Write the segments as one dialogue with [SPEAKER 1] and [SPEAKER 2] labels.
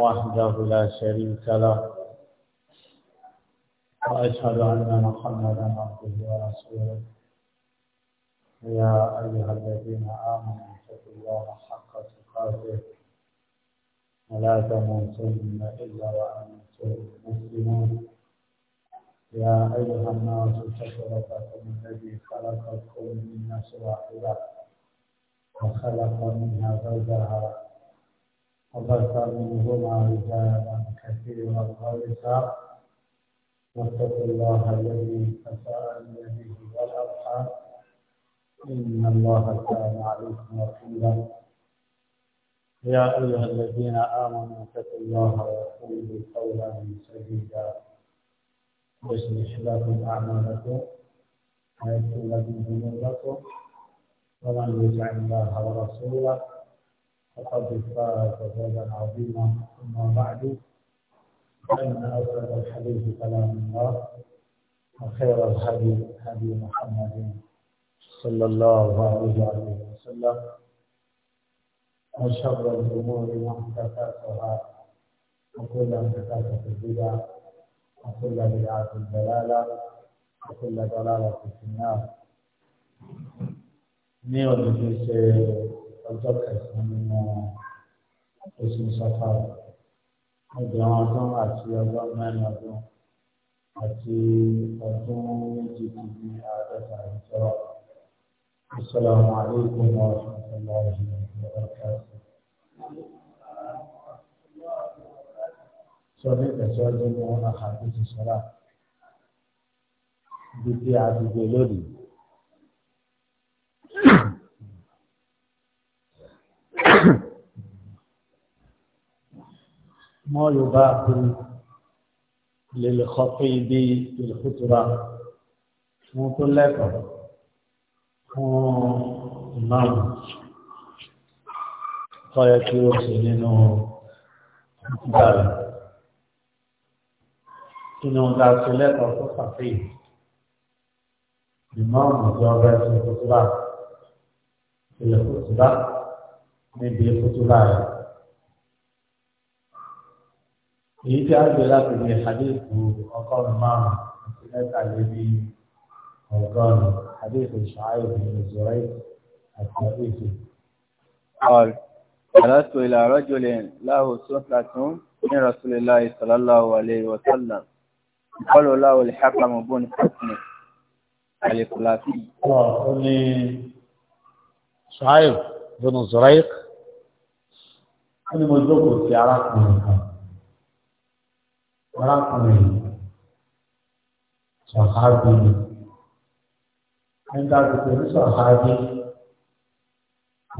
[SPEAKER 1] وحده لا شريك له وأشهد أن محمدا عبده ورسوله يا أيها الذين آمنوا اتقوا الله حق تقاته ولا تموتن إلا وأنتم مسلمون
[SPEAKER 2] يا أيها الناس
[SPEAKER 1] اتقوا ربكم الذي خلقكم من نفس واحدة وخلق منها زوجها وبث منهما رجالا كثيرا ونساء واتقوا الله الذي تساءل به والارحام ان الله كان عليكم رقيبا يا ايها الذين امنوا اتقوا الله وقولوا قولا سديدا يصلح لكم اعمالكم ويغفر لكم ذنوبكم ومن يطع الله ورسوله فقد فاز فوزا عظيما اما بعد فان اصدق الحديث كلام الله وخير الهدي هدي محمد صلى الله عليه وسلم وشر الامور محدثاتها وكل محدثه البدع وكل بدعه ضلاله وكل ضلاله في النار ní ọdún ṣe ọjọ́ kẹsàn-án nínú oṣù safari ẹgbẹ̀rún ọdún àti ọdún mẹ́rin ọdún àti ọdún méjì ti di àádọ́ta ìjọba. السلام عليكم ورحمة الله وبركاته. sọdún ìtẹ̀síwájú ni wọ́n á kà ní ti sọ́ra. Bí bí lónìí. ما يباح للخطيب في الخطبة مطلقة نعم فيكيو سنينو دار إنه دار سلطة وخطيب إمام جابر في الخطبة في الخطبة níbi kútúbà rẹ̀. èyí tí a gbé láti ní àdéhùn ọgọ́rùn-ún márùn-ún àti mẹ́ta lé ní ọgọ́rùn-ún àdéhùn ṣááyé ní ìṣòro àti àdéhùn. جلست إلى رجل له سلطة من رسول الله صلى الله عليه وسلم قال له الحكم بن حسن الخلافي. اه اني شعيب بن زريق أنا مزوق في عراق أمريكا عراق من صحابي عند هذا كل صحابي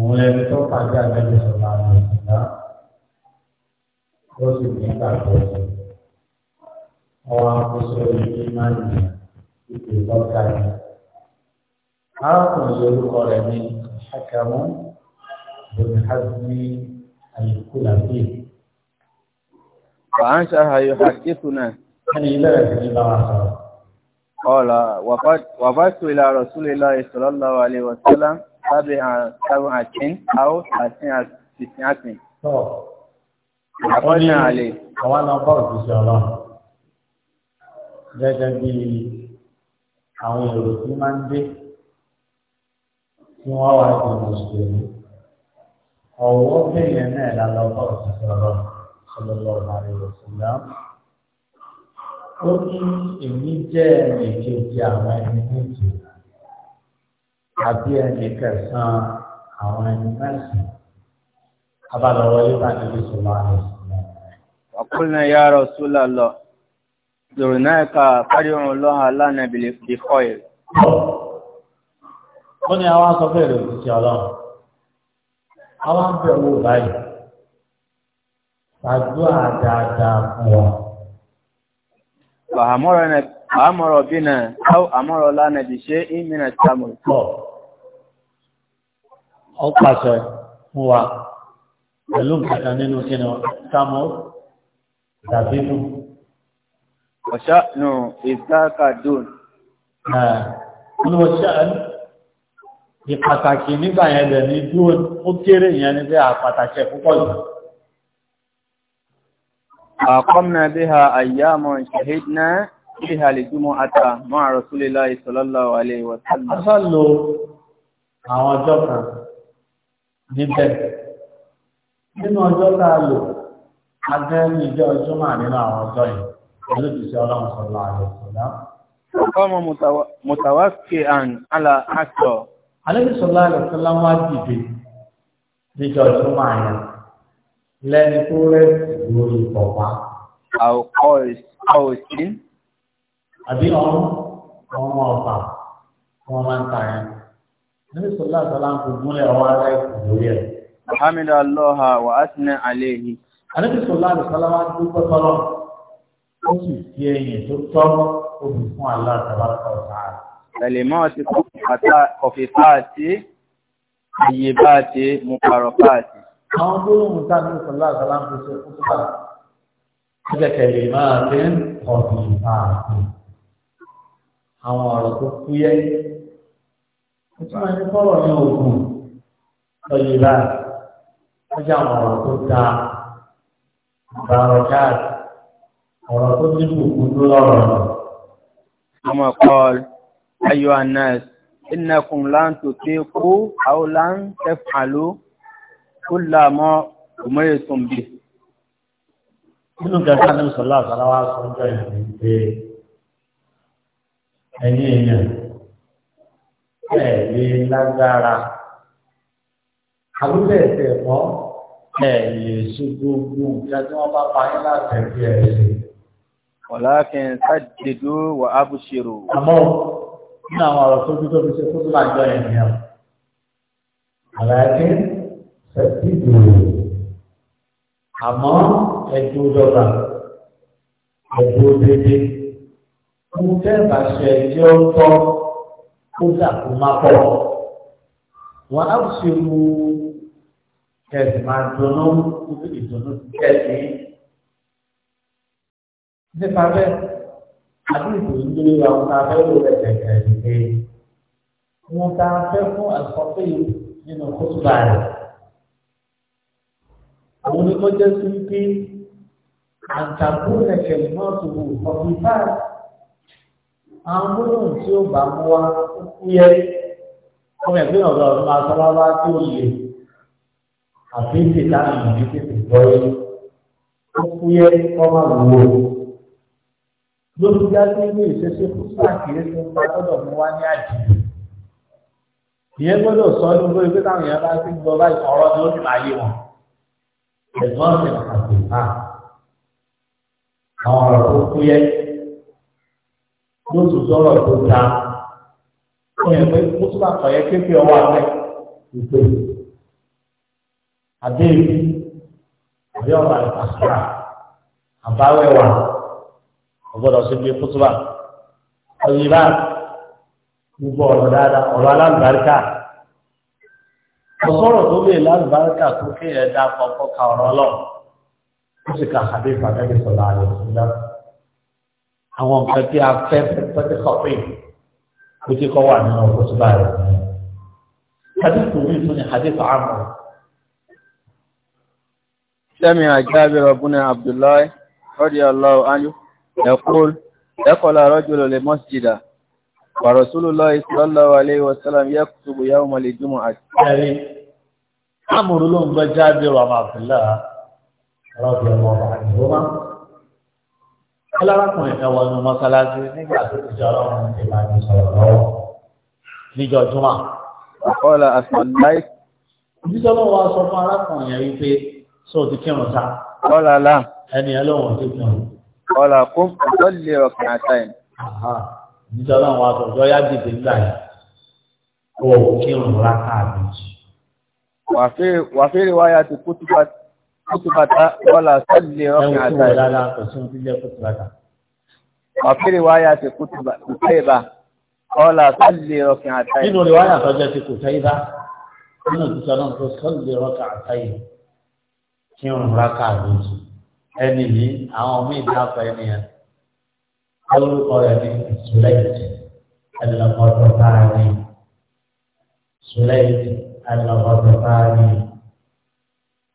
[SPEAKER 1] هو يبي تو حاجة عند الله سبحانه وتعالى كوزي بيتا كوزي أو أنا كوزي بيتا كوزي عراق مزوق قرني حكم بالحزم àyíkúlà sí i. Fàánṣà ayò àkíkùnà. Ẹni ilé rẹ̀ ti bá wa sọ̀rọ̀. Ọ̀la wàfàtú ìlà Rasulullahi sallallahu wasallam sábẹ̀ àrùn àkín àó àti àtìsìn àkìn. Àkọ́nà àlè. Àwọn náà bá òṣìṣẹ́ ọlọ́run. Gẹ́gẹ́ bí àwọn èrò tí máa ń dé tí wọ́n wá ọ̀wọ́ bẹ̀yẹn náà lálọ́bọ̀ sọ̀rọ̀ sọlọ́lọ́ àríwọ̀ sílá. ó ní èmi jẹ́ ẹnì kejì àwọn ẹni méjì àbí ẹnì kẹsàn-án àwọn ẹni mẹ́sàn-án. abalọ̀wọ́ yóò bá níbi sọ̀rọ̀ àríwọ̀ sílá. ọ̀kùnrin náà yára ọ̀ṣun lálọ́ dòrìnáìka fáríhùn lọ́ha lánàá ìbìlẹ̀ ìkọ́ ẹ̀. ó ní àwọn aṣọ bẹ̀rẹ̀ òkú sí ọlọ́run àwọn ń bẹ̀rù báyìí ṣàdúrà dáadáa fún wa. Àmọ́rọ̀ bí náà, àwọn àmọ́rọ̀ lánàá di ṣe ìmìnà ìtàmù ìtọ́. Ó pàṣẹ fún wa pẹ̀lú ìkàtà nínú kínú ìtàmù tàbí nù. Ọ̀ṣà nù ìtàkàdùn. Ẹ̀ ìpàtàkì nígbà yẹn lẹ̀ ní dúró ó kéré yẹn ní pé àpàtàkì ẹ̀ púpọ̀ jù. àkọ́mìnà bí ha àyàmọ̀ ṣàhídná bí ha lè jùmọ̀ àtà mọ́ àrọ̀súlélá sallallahu alaihi wa sallam. a sá lo àwọn ọjọ́ kan níbẹ̀ nínú ọjọ́ tá a lò a gẹ́ ní ìjọ ìjọmọ̀ nínú àwọn ọjọ́ yìí pẹ̀lú ìṣẹ́ ọlọ́run sallallahu alaihi wa sallam. ọkọ̀ mọ̀ mùtàwáfíà àlà àtọ̀ Ànábì sallallahu alaihi wasallam wá dìde jíjọ tó máa yàn lẹ́ni tó rẹ́sì lórí ọ̀pá. Àwòkọ́ òsì. Àbí ọ̀run ọmọ ọ̀pá wọn máa ń ta yẹn. Ànábì sallallahu alaihi gúnlẹ̀ ọwọ́ rẹ́sì lórí ẹ̀. Alhamdu Allah wa asna alayhi.
[SPEAKER 3] Ànábì sallallahu alaihi wasallam wá dúpẹ́ tọ́lọ́
[SPEAKER 1] ó sì fi ẹ̀yìn tó tọ́ ó fi fún Allah tabaraka wa ta'ala kọfífáàtì ìyèbáàtì mùpàrọ̀fáàtì. àwọn gbólóhùn tá a ní sọlá àgbàlá ń pèsè kúkúbà kẹkẹlẹ máa ti ń kọfífáàtì àwọn ọ̀rọ̀ tó fúyẹ́ ìtumọ̀ ẹni kọ́rọ̀ ní oògùn lọ́yẹ̀ báyìí wọ́n jẹ́ àwọn ọ̀rọ̀ tó dáa ìbára káàdì ọ̀rọ̀ tó ní kùkú lọ́rọ̀ ọmọ kọ́ọ̀lù ayọ̀ anas innakum lan tutiqu aw lan taf'alu kulla ma umirtum bi nínú kẹta ní sọlá àsàláwà sọjọ ìrìn pé ẹ̀yin èèyàn ẹ lè lágbára àbúlé ẹsẹ ẹkọ ẹ lè ṣe gbogbo nǹkan tí wọn bá pa yín láti ẹgbẹ́ ẹ ṣe. walakin saddidu wa àmọ́ nínú àwọn ọ̀rọ̀ tó dúdú fi ṣe kó tó máa jọ ènìyàn. Àlàyé ṣẹ̀tì dùrù. Àmọ́ ẹ̀dùn dọ̀gba, ẹ̀dùn dédé. Mo fẹ́ bàṣẹ tí ó ń tọ́ kó dàkú má pọ̀. Wọ́n á ṣe mú kẹ̀sì máa dùnnú nítorí ìdùnnú ti kẹ̀sì. Nípa bẹ́ẹ̀ àdúgbò ìdílé wa ká fẹ́ràn rẹ̀ kẹ̀kẹ́ ìdílé. Mo ta fẹ́ fún àkọ́kọ́ yìí nínú kótóbà rẹ̀. Àwọn oníkọ́jọ́ sí pé àǹtàkù rẹ̀kẹ̀ náà tó wù ọ̀gbìn báyìí. Àwọn gbólóhùn tí ó bá mú wa kú yẹ. Ọmọ ẹ̀gbẹ́ ọ̀dọ́ ọ̀dọ́ máa sọ wá tí ó lè. Àbí ìṣèlú àmì ìdí tètè gbọ́ yẹ. Ó kú yẹ kọ́ máa wù ú lórí jáde ní ìṣẹ̀ṣe fún sáàkiri tó ń pa gbọ́dọ̀ mú wá ní àjẹ́ ìyẹn gbọ́dọ̀ sọ ní gbogbo ìgbé táwọn èèyàn bá ti ń gbọ́ báyìí ọ̀rọ̀ ni ó ti máa yé wọn ẹ̀gbọ́n ọ̀sẹ̀ pàtàkì náà àwọn ọ̀rọ̀ tó kú yẹ lóṣù sọ̀rọ̀ tó ta ó yẹ pé ó tún yẹ kéèké ọwọ́ abẹ́ ìpè àbẹ́ẹ̀bí àbí ọ̀rọ̀ àìsàn ọgbọ́dọ̀ síbi kútùbà ọyìn bá gbogbo ọ̀rọ̀ dáadáa ọ̀rọ̀ alábàárìkà ọ̀sọ́rọ̀ tó lè lábàárìkà tó kéèyàn dá pọ̀pọ̀ ka ọ̀rọ̀ lọ ó sì ka àdé ìfàdébí sọ̀rọ̀ àlè ìlú àwọn nǹkan tí a fẹ́ pẹ́pẹ́ kọ́pì kó tí kọ́ wà nínú kútùbà rẹ̀ hadith mi tún ni hadith amọ̀ sẹ́mi àjábẹ̀rọ̀ bùnà Abdullahi rọ́dí Allahu anhu يقول دخل رجل لمسجد ورسول الله صلى الله عليه وسلم يكتب يوم الجمعة أمر لهم بجابر وعبد الله رضي الله عنهما alárakùnrin kan wọnú mọ́sálásí nígbà tó ti jọ ọlọ́run ti máa ní sọ̀rọ̀ lọ́wọ́ níjọ júmọ̀.
[SPEAKER 3] ọ̀la àsànláì.
[SPEAKER 1] ìdíjọ́ náà wá sọ fún arákùnrin yẹn wípé sóò ti kírun sá. ọ̀la ẹni ẹ ti kírun ọ̀là kó tó lè ọ̀kàn àtàyìn. níjọ́ náà wọn àtọ̀jọ́ yá dìde nígbà yìí kó o kírun rákà méjì. wàfẹ́rẹ́ wáyà ti kútùbàtà ọ̀là tó lè ọ̀kàn àtàyìn. wàfẹ́rẹ́ wáyà ti kútùbàtà ọ̀là tó lè ọ̀kàn àtàyìn. nínú rẹ̀ wáyà tọ́jọ́ ti kò tẹ́ ibà nínú ìtúsọ náà tó sọ́ọ̀lì rọ́kà àtàyìn kírun rákà méjì ẹni yìí àwọn míì ní afọ ẹni yẹn olùkọ́ rẹ̀ ní sùlẹ̀tì ẹlẹ́mọ̀tò káàní sùlẹ̀tì ẹlẹ́mọ̀tò káàní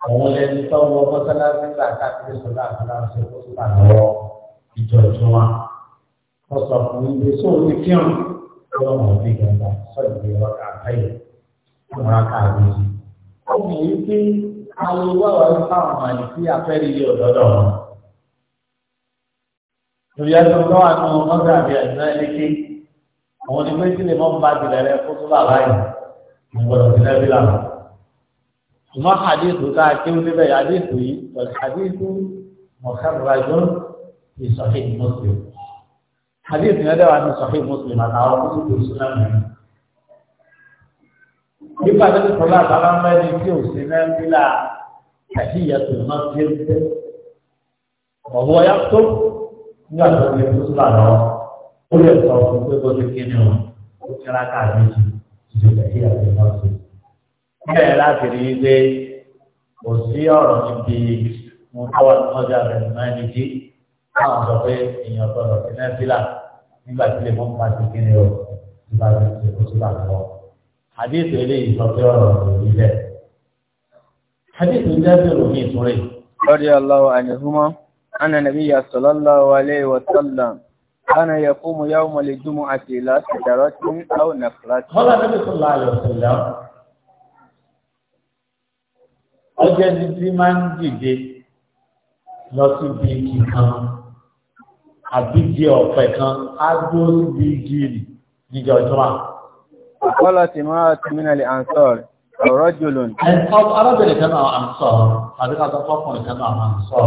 [SPEAKER 1] àwọn lẹni tọwọ mọ́sálásí gbà káàkiri sọlá àfúráṣẹ tó sùpà lọ́wọ́ ìjọ ìjọba wọn sọ fún mi pé sóò ní fíọ̀n tó lọ mọ̀ bí gbọ̀ngàn sọ̀rọ̀ ìgbéyàwó kàáfẹ́ yìí wọn kàwé yìí ó mọ̀ wípé àwọn owó àwọn ọ̀rọ̀ táwọn ọmọ yìí sí afẹ́rí ilé ọ̀dọ́dọ̀ wọn. Torí ẹjọ́ tó wà nù mọ́tò àbí ẹ̀dínlá àwọn ní méjì lè mọ́ bá tilẹ̀ rẹ fún túbà báyìí, mo gbọ́dọ̀ sí lẹ́bí lànà. Ṣùgbọ́n àdéhù tá a kéwú níbẹ̀ àdéhù yìí pẹ̀lú àdéhù mọ̀kànlájọ́ ìsọ̀hìn mùsùlùmí. Àdéhù yẹn dẹ́wà ní sọ̀hìn mùsùlùmí àtàwọn mùsùlùmí nípa tẹ́lẹ̀ sọ́lá àtàlà mẹ́rin tí ò sí nẹ́ńbílà kàdí ìyàtọ̀ náà ti ń tẹ́. ọ̀wọ́ ya tó ní àtàlẹ́ tó sọ́lá lọ́wọ́ ó lè sọ fún pé bó ti kí ni o ó kíra káàdì ju kàdí ìyàtọ̀ náà ti. bẹ́ẹ̀ láti rí i pé kò sí ọ̀rọ̀ níbi mo tọ́wọ́ ọjà rẹ̀ mẹ́rin jí káwọn sọ pé èèyàn gbọ́dọ̀ sí nẹ́ńbílà nígbà tí lè mọ́ pàṣẹ kí ni o ìbára ti kó sọ́lá lọ́wọ́ hadith eléyìí sọ pé ọ̀rọ̀ òní lẹ̀. hadith ń jáde òní ìtúrẹ́. lọ́dí aláwọ̀ àníhùmọ́ ana nabiyya sallallahu alayhi wa sallam ana yaqumu yawma al-jumu'ati ila
[SPEAKER 3] sidaratin aw naqlatin. wọ́n lọ́dọ̀ bí sọ̀lá ayọ̀ sọ̀lá.
[SPEAKER 1] ọjọ́ ẹni tí máa ń dìde lọ síbi igi kan àbí igi ọ̀pẹ kan á dúró síbi igi jíjọ jùmọ̀. قالت امرأة من الأنصار أو رجل arábìnrin kan náà àǹsọ̀ àbíkàtà fọ́kùnrin kan náà àǹsọ̀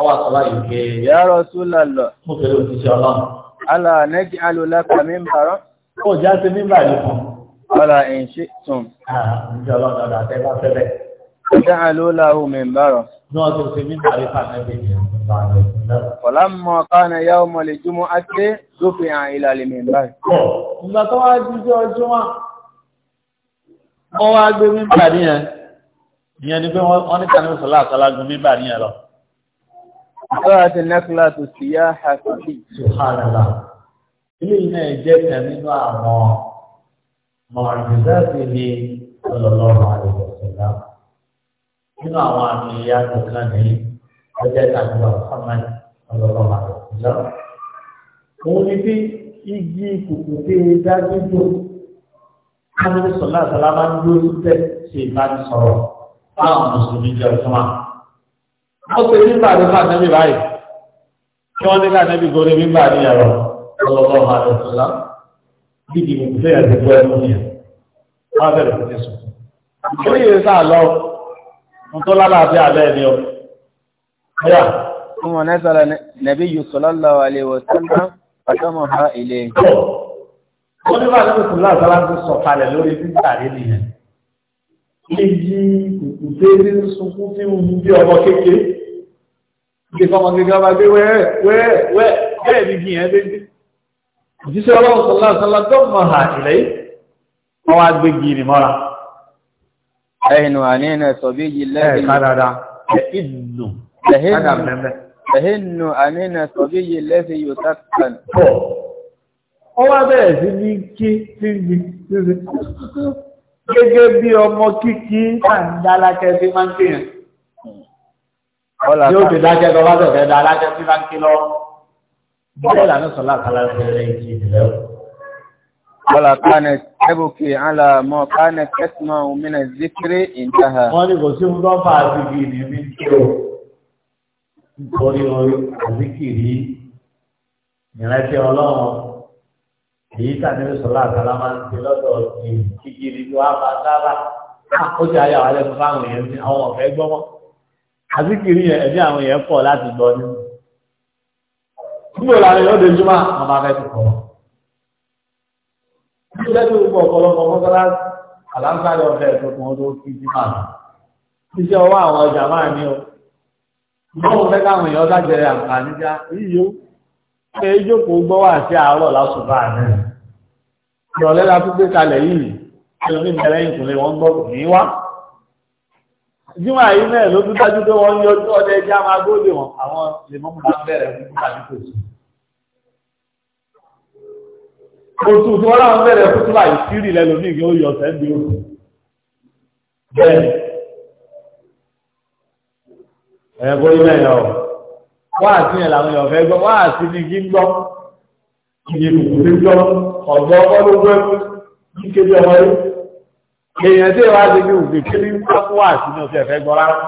[SPEAKER 1] ọwọ́ àtọ́lá ìgbé
[SPEAKER 3] يا رسول الله mú fèrè òtítẹ́ ọlọ́run ألا نجعل لك منبرا
[SPEAKER 1] ó já sí mímbà yìí fún ألا إن شئتم ǹjẹ́ ọlọ́run ọ̀dà àtẹ́gbà fẹ́lẹ̀ جعلوا له منبرا Fọ̀lámọ̀ kánà yá ọmọ lè jùmọ́ áté lófin àrìn ìlàlè mìíràn.
[SPEAKER 3] Ìgbà tó wá jíjọ ọjọ́ wá,
[SPEAKER 1] wọ́n wá gbé mímbà ní ẹ, ìyẹn ni pé wọ́n ní kàní ìsọ̀lá àtọ́lá gbé mímbà ní ẹ lọ. Àtọ́ra ti nẹ́kùlá tó sì yá àkàtì. Ṣùhánàlá, ilé iná ẹ̀jẹ̀ kan nínú àwọn àmì ìyá kankan ní ọjọ́ ìtàkùn àfọmọ ọlọ́rọ̀ àrò ìjọ. òun ni bí igi kòkò tí e dájú jò káàdì sọlá àtàlà máa ń dúró síbẹ̀ sí ìbánisọ̀rọ̀ fáwọn mùsùlùmí jẹ ọtún wa. wọ́n pe nígbà tó fà nẹ́bí báyìí kí wọ́n ní ká nẹ́bí gorí nígbà ní ẹ̀rọ ọlọ́rọ̀ àrò ìjọ. bí ìdìbò fẹ́ẹ̀
[SPEAKER 3] ti
[SPEAKER 1] gbọ́ tó lálàáfíà bẹ́ẹ̀ ni ọ. Ẹ̀yà. Ọmọ nẹ́sàrà nàbí sallallahu alaihi wasallam àtọ́mọ̀ ha ilé.
[SPEAKER 3] Wọ́n ní báyìí kò sílá àtàlà tó
[SPEAKER 1] sọ kalẹ̀ lórí títà rí nìyẹn. Ilé yí ìpè ní sunkún tí mo mú bí ọmọ kékeré. Ìgbè fọmọ gẹ́gẹ́ bá gbé wẹ́ẹ́ wẹ́ẹ́ wẹ́ẹ́ bẹ́ẹ̀ ni gbìyànjú dédé. Òjíṣẹ́ ọlọ́run sallallahu alaihi wasallam àtọ́mọ̀ ha ilé. Wọ́n wá gbé gírì mọ́ra ẹ̀hìnù àníyàn sọ̀bí yìí lẹ́yìn. ẹ̀ka dáadáa ẹ̀hìnù. ẹ̀hìnù àníyàn sọ̀bí yìí lẹ́sìn yóò tàkàn.
[SPEAKER 3] ó wá bẹ̀rẹ̀ sí ní kí síbi síbi
[SPEAKER 1] gẹ́gẹ́ bí ọmọ kíkí dáadáa sí máa ń kéèyàn. yóò fi dákẹ́ tó bá tẹ̀sẹ̀ dáadáa sí máa ń ké lọ. bọ́ọ̀lù àná sọ̀lá kálá ń fẹ́rẹ̀ ìjì ìlẹ́wọ̀. Wọ́la kánẹ̀ tẹ́bùkì aláàmọ́ kánẹ̀ kẹsìmọ̀ òmìnà zíkírí ìdáhà. Wọ́n ní kò sí ń gọ́fà àzíkì ní bí kí o. Nítorí orí àzíkìrí ìrántí ọlọ́run. Èyí tàbí sọ̀rọ̀ àtàlá máa ń ṣe lọ́dọ̀ ìkíkiri tó wá bá sábà. Ah, ó ti ayé àwọn ẹlẹ́fọ́ fáwọn èèyàn ní àwọn ọ̀fẹ́ gbọ́mọ́. Àzíkìrí yẹn ẹ̀mí àwọn èèyàn pọ̀ láti gbọ́ nínú. Nígbò làwọn èèyàn ó lẹ́nu gbogbo ọ̀pọ̀lọpọ̀ mọ́sálásí àlàǹfààní ọ̀fẹ́ ìtòkùn ọdún kí ti máa ṣiṣẹ́ ọwọ́ àwọn ọjà máa ní o bọ́ọ̀ fẹ́ káwọn èèyàn lájẹrẹ àǹfààní já yíyó pé ìjókòó gbọ́ wà sí àárọ̀ lásùbà náà ìrọ̀lẹ́ la tún gbé kalẹ̀ yìí ẹnu ní ìbẹ̀rẹ̀ ìkùnlé wọn gbọ́ kò ní wá júmọ̀ àyí náà ló tún dájú pé wọ́n yọjú ọdẹ já máa gbóde wọn àwọn lè mọ́ mú
[SPEAKER 3] oṣù tí wọ́n
[SPEAKER 1] bẹ̀rẹ̀ fún ìsírì lẹ́nu ní ìgbé oyè ọ̀sẹ̀ bí oṣù bẹ́ẹ̀ ẹ̀yẹ kó ilé ẹ̀yọ wọ́n àti làwọn èèyàn gbọ́ wọ́n àti ní kí ìyè kùkù ní gbọ́ ọ̀gbọ́ ọlọ́gbọ́ ní kéde ọmọ yìí èèyàn tí ìwà ti ní òkè kí ní pápú wà sí ní oṣù ẹ̀fẹ́ gbọ́ rárá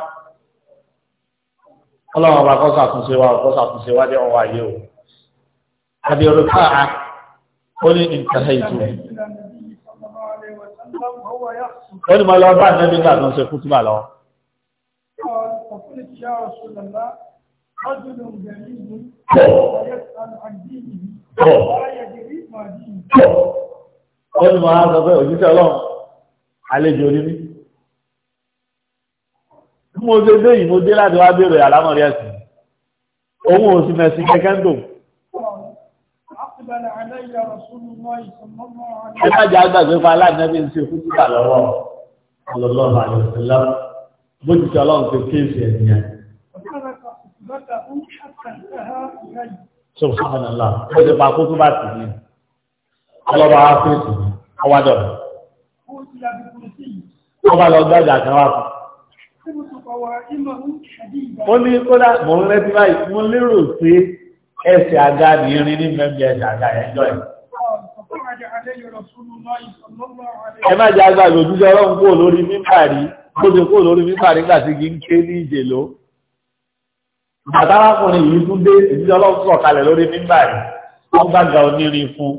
[SPEAKER 1] ọlọ́run ọba kọ́sàtúnṣe wa kọ́sàtúnṣe wa dé ọwọ́ ayé o àbí ọdún káà ó ní ìtàhà ìtù
[SPEAKER 3] ó ní ma lọ bá ìnẹ́bí ńlá tó ń ṣe
[SPEAKER 1] fún túbà lọ ó ní ma sọ pé òjíṣẹ́ ọlọ́run àlejò ní mí mo ṣe dé yìí mo dé láti wá bèèrè àlámọ̀rí ẹ̀sìn òun ò sì mẹ̀sìn kẹ́kẹ́ ń dùn
[SPEAKER 3] ẹ má jẹ́ àgbàgbé
[SPEAKER 1] fún aláàbẹ̀bí ń ṣe fúdúkà lọ́wọ́ ọlọ́lọ́run àlùfẹ́lá bó ti ṣe ọlọ́run ti kéèsì ẹ̀yìn Subhanallah, ó ti pa kótó bá tì ní ọlọ́ba wa fún ètò ní ọwádọ̀. Ọba lọ gbájà kan wá fún.
[SPEAKER 3] Ó ní kódà mò ń rẹ́tí
[SPEAKER 1] báyìí, mo lérò pé ẹsẹ̀ àga ní rí ní mẹ́bí ẹsẹ̀ àga ẹjọ́ ẹ̀.
[SPEAKER 3] ẹ má jẹ́ agbára òjújẹ́ ọlọ́run kó lórí mímbà rí kó
[SPEAKER 1] ṣe kó lórí mímbà rí gbà sí kí ń ké ní ìjè ló. bàtàlákùnrin yìí tún dé òjújẹ́ ọlọ́run sọ̀ kalẹ̀ lórí mímbà rí wọ́n bá ga onírin fún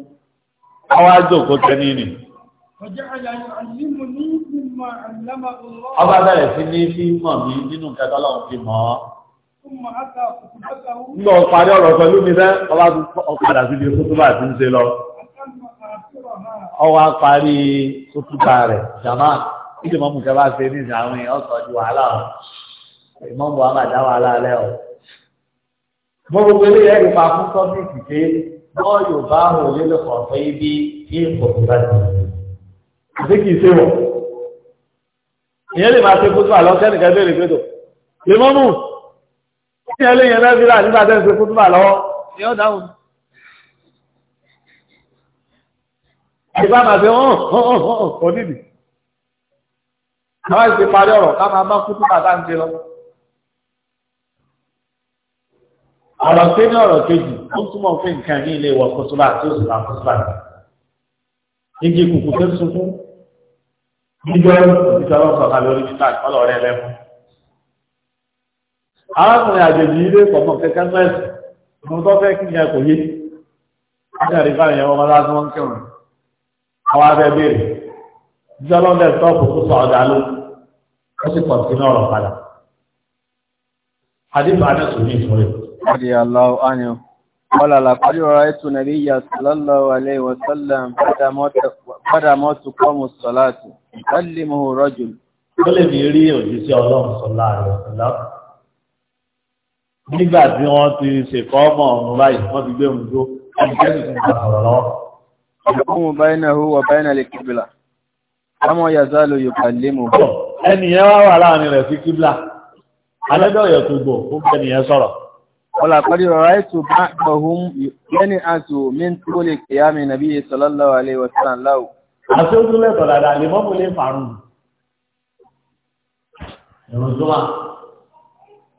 [SPEAKER 1] ọwọ́ àjòkó tẹ́ni
[SPEAKER 3] ọba bẹ̀rẹ̀ sí ní
[SPEAKER 1] fíìmọ̀ mi nínú kẹtọ́lọ́run fi mọ́ ọ́.
[SPEAKER 3] Nígbà ọ̀parí ọ̀rọ̀ sọ lómi rẹ̀, ọba
[SPEAKER 1] ọ̀padà sí ibi sótúbà tí ń ṣe lọ. Ọwọ́ parí sótúbà rẹ̀, jàmá, kí lè mọ́mù kẹfà ṣe ní ìjàrin ọ̀sán ju wàhálà ọ̀. Ìmọ̀mù wa máa dá wàhálà alẹ́ ọ̀. Mo gbogbo ilé yẹn nípa fún tọ́pìkì pé wọ́n yóò bá òye lè kàn fẹ́ ibi kí ìpòtù bá ti. Àti kìí ṣe wọ̀. Ìyẹn lè máa ṣe kótó àlọ́ kí ẹ lè yẹn náà fi rà nígbà tẹ́ ń ṣe fún túbà lọ́wọ́
[SPEAKER 3] ni ó dáhùn. ìbá máa fi hàn hàn hàn
[SPEAKER 1] onídìí. àwọn ìsìn parí ọ̀rọ̀ ká máa bá kú túbà tá à ń ṣe lọ. ọ̀rọ̀ pé ní ọ̀rọ̀ kejì ó túmọ̀ fún nǹkan ní ilé ìwọ̀ kọ́sùbà tí ó sì máa kọ́sùbà. igi kùkù tó sunkún. Gbígbọ́ ìjọba sọ̀kalẹ̀ orí títà ìkọlọ̀ rẹ̀ lẹ́fún arákùnrin àjèjì ilé pọ̀mọ̀ kẹ́kẹ́ mẹ́sì mo tọ́ fẹ́ kí ìyẹn kò yé ọjà rí báyìí ẹwọ́n ọlá tí wọ́n ń kírun àwọn abẹ́ béèrè jíjọ́ lọ́dẹ̀ tọ́pù tó sọ ọ̀dà ló ó sì pọ̀ sínú ọ̀rọ̀ padà adébà náà sùn ní ìsúnlẹ̀. ọdí aláwọ àyàn wọlà làkọjú ọ̀rọ̀ ètò nàbí ìyá sallallahu alaihi wasallam padà mọ́tò kọ́mù sọ̀láàtì wọ́n lè mú rọ́jùl.
[SPEAKER 3] ó lè fi rí òjíṣẹ́ ọlọ́run
[SPEAKER 1] sallallahu alaihi wasallam nígbà tí wọ́n ti ṣèkọ́ ọmọ ọ̀run báyìí wọ́n ti gbé òun tó ẹnikẹ́ni tó ń bá sọ̀rọ̀ lọ́wọ́. ìyókùn báyìí hu wà báyìí náà lè kíbìlà àmọ́ yàtọ̀ ló yóò kà lé ẹnìyẹn wá wà láàrin rẹ̀ sí kíbìlà alẹ́dọ̀ yẹ̀ tó gbò ó fẹ́ nìyẹn sọ̀rọ̀. ọ̀là pẹ̀lú ọ̀rọ̀ àìsù bá gbọ̀hún lẹ́ni àtò mí tó lè kìyà mi nàbí sallallahu alaihi wasallam láwù. àti ó tún lẹ́tọ̀ dáadáa lè mọ́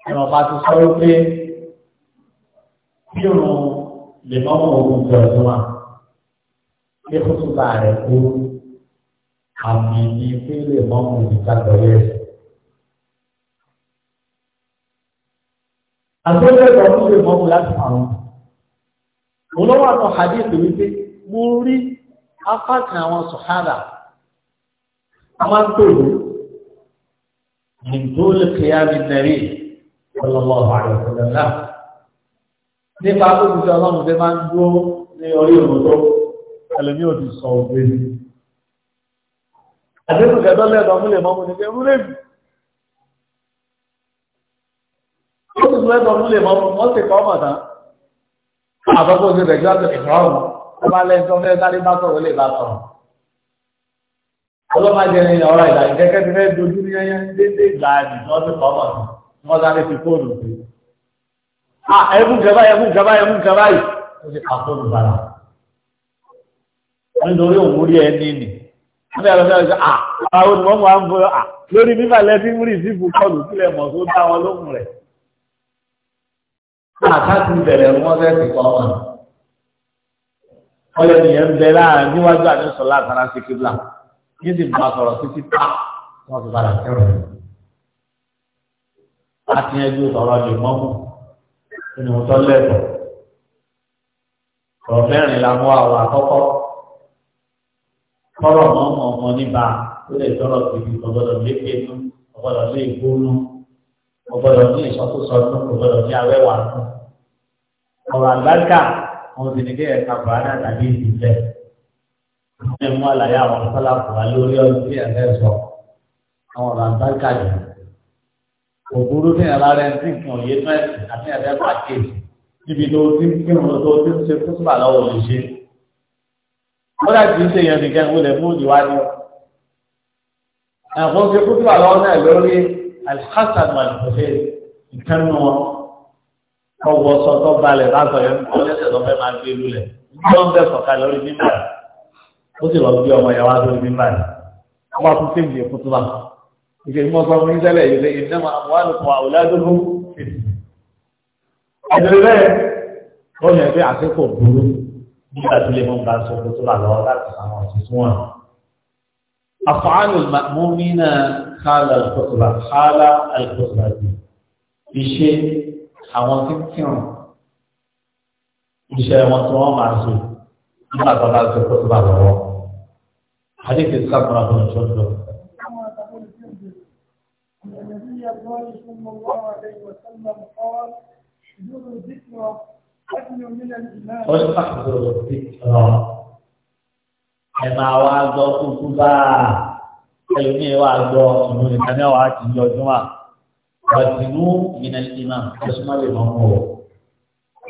[SPEAKER 1] ẹ̀rọ bá ti sọ wípé bí òun lè mọ́mọ́ ogun jọ ọdún wa pé kó tún bá rẹ̀ kú àmì ní pé lè mọ́mọ́ ogun jágbọ́ yẹ. Àtúntò ẹ̀rọ tó lè mọ́mọ́ láti àrùn. Òun lọ́wọ́ àtọ̀ hadith wípé mo rí apá kan àwọn sọ̀hárà àwọn tó lò ní tó lè kíyà nàìjíríà sallallahu alaihi wasallam nípa tó ti sọ ọlọ́run tẹ máa ń dúró ní orí òun tó ẹlòmí ò ti sọ òwe ni àdéhùn kẹtọ́ lẹ́ẹ̀dọ́ múlẹ̀ mọ́mú ni pé rúlẹ̀ mi ó ti lẹ́ẹ̀dọ́ múlẹ̀ mọ́mú wọ́n sì kọ́ mọ̀tá àkọ́kọ́ ti rẹ̀ gbàgbé ìrọ̀rùn ó máa lẹ́yìn tó ń bá sọ̀rọ̀ lè bá sọ̀rọ̀ ọlọ́mọdé ni ọ̀rọ̀ ìlànà
[SPEAKER 3] ti fẹ́ dojú ní yẹn
[SPEAKER 1] déédéé ìgbà àdìsọ́ ti kọ́ mọ̀tá wọ́n sáré fi fóònù sí. À ah, ẹ̀mú gẹ̀bá ẹ̀mú gẹ̀bá ẹ̀mú gẹ̀bá yìí, ó ti kà fóònù bàrà. Nítorí òun rí ẹni nì. Wọ́n bẹ̀rẹ̀ lọ́sẹ̀ ṣe à àwọn olùmọ̀ máa ń bọ̀ à ah, lórí mímà lẹ́bí ń rí ìsìnkú kọlù sílẹ̀ mọ̀ tó dá wọn lóhùn rẹ̀. Àtàkì ah, bẹ̀rẹ̀ wọ́n fẹ́ ti kọ́ wọn. Wọ́n lẹ́nu yẹn ń bẹ láàrin níwájú àdéhùn sọ̀lá àtàrà sí kíbla. Yín sì máa sọ̀rọ̀ títí tá wọ́n fi padà kẹ́rọ̀ àtìyànjú ọ̀rọ̀ lè mọ́mú nínú tọ́lẹ̀tọ̀ ọ̀rọ̀ mẹ́rin la mú àwọn àkọ́kọ́ kọ́rọ̀ mọ́mú ọmọ níbà ó lè tọrọ tìbí ọgbọ́dọ̀ lékè nú ọgbọ́dọ̀ lé ìgbónú ọgbọ́dọ̀ ní ìsọkúsọ nú ọgbọ́dọ̀ ní awẹ́wà nú ọ̀rọ̀ àgbáríkà wọn ti ní kí ẹ̀ka bàánà tàbí ìdílé ẹ̀ mú àlàyé àwọn sọ́lá òbúrú ní ẹ̀rọ rẹ̀ ní nǹkan òye fẹ́ àti ẹ̀rẹ́ pàṣẹ níbi tó ti ń kírun tó ti ń ṣe kúsùmà lọ́wọ́ lè ṣe. kódà kì í ṣe yẹn nìkan ìwé lè mú ìwádìí. ẹ̀fọn ṣe kúsùmà lọ́wọ́ náà lórí alhassan malhussein nǹkan nù wọn. ọwọ́ sọtọ́ balẹ̀ lásán yẹn kọ́ lẹ́sẹ̀ lọ́fẹ́ máa gbé lulẹ̀ nígbà wọn bẹ̀ sọ̀ka lórí mímbà ó sì lọ gbé ọmọ yẹn wá lórí mímbà ìṣe mọ́ sọ fún ìṣẹ́lẹ̀ ìṣe ìdámà àmúhálùkùn àwòládùnú ẹ̀dùn bẹ́ẹ̀ ó yẹ pé àsìkò burú nígbà tí lè mọ́ bá sọ pé tó là lọ́wọ́ láti àwọn òṣìṣẹ́ wọn. àfààní mọ́mínà kálá àlùkòtòlà kálá àlùkòtòlà bì ìṣe àwọn tí ń kírun wọn tí wọ́n máa ṣe nígbà tó bá sọ lọ́wọ́. àdéhùn sábà bọ̀ ní
[SPEAKER 3] الله صلى الله عليه وسلم قال احذر الذكرى أدنى من الإيمان قل فاحذر
[SPEAKER 1] الذكرى ẹ máa wá gbọ́ kúkú bá ẹlòmíì wá gbọ́ ìlú nìkan ní ọ̀wá àti ìlú ọdún wa wàtìmú ìyẹnà ìmà ẹ̀sùn má lè mọ̀ ọ́.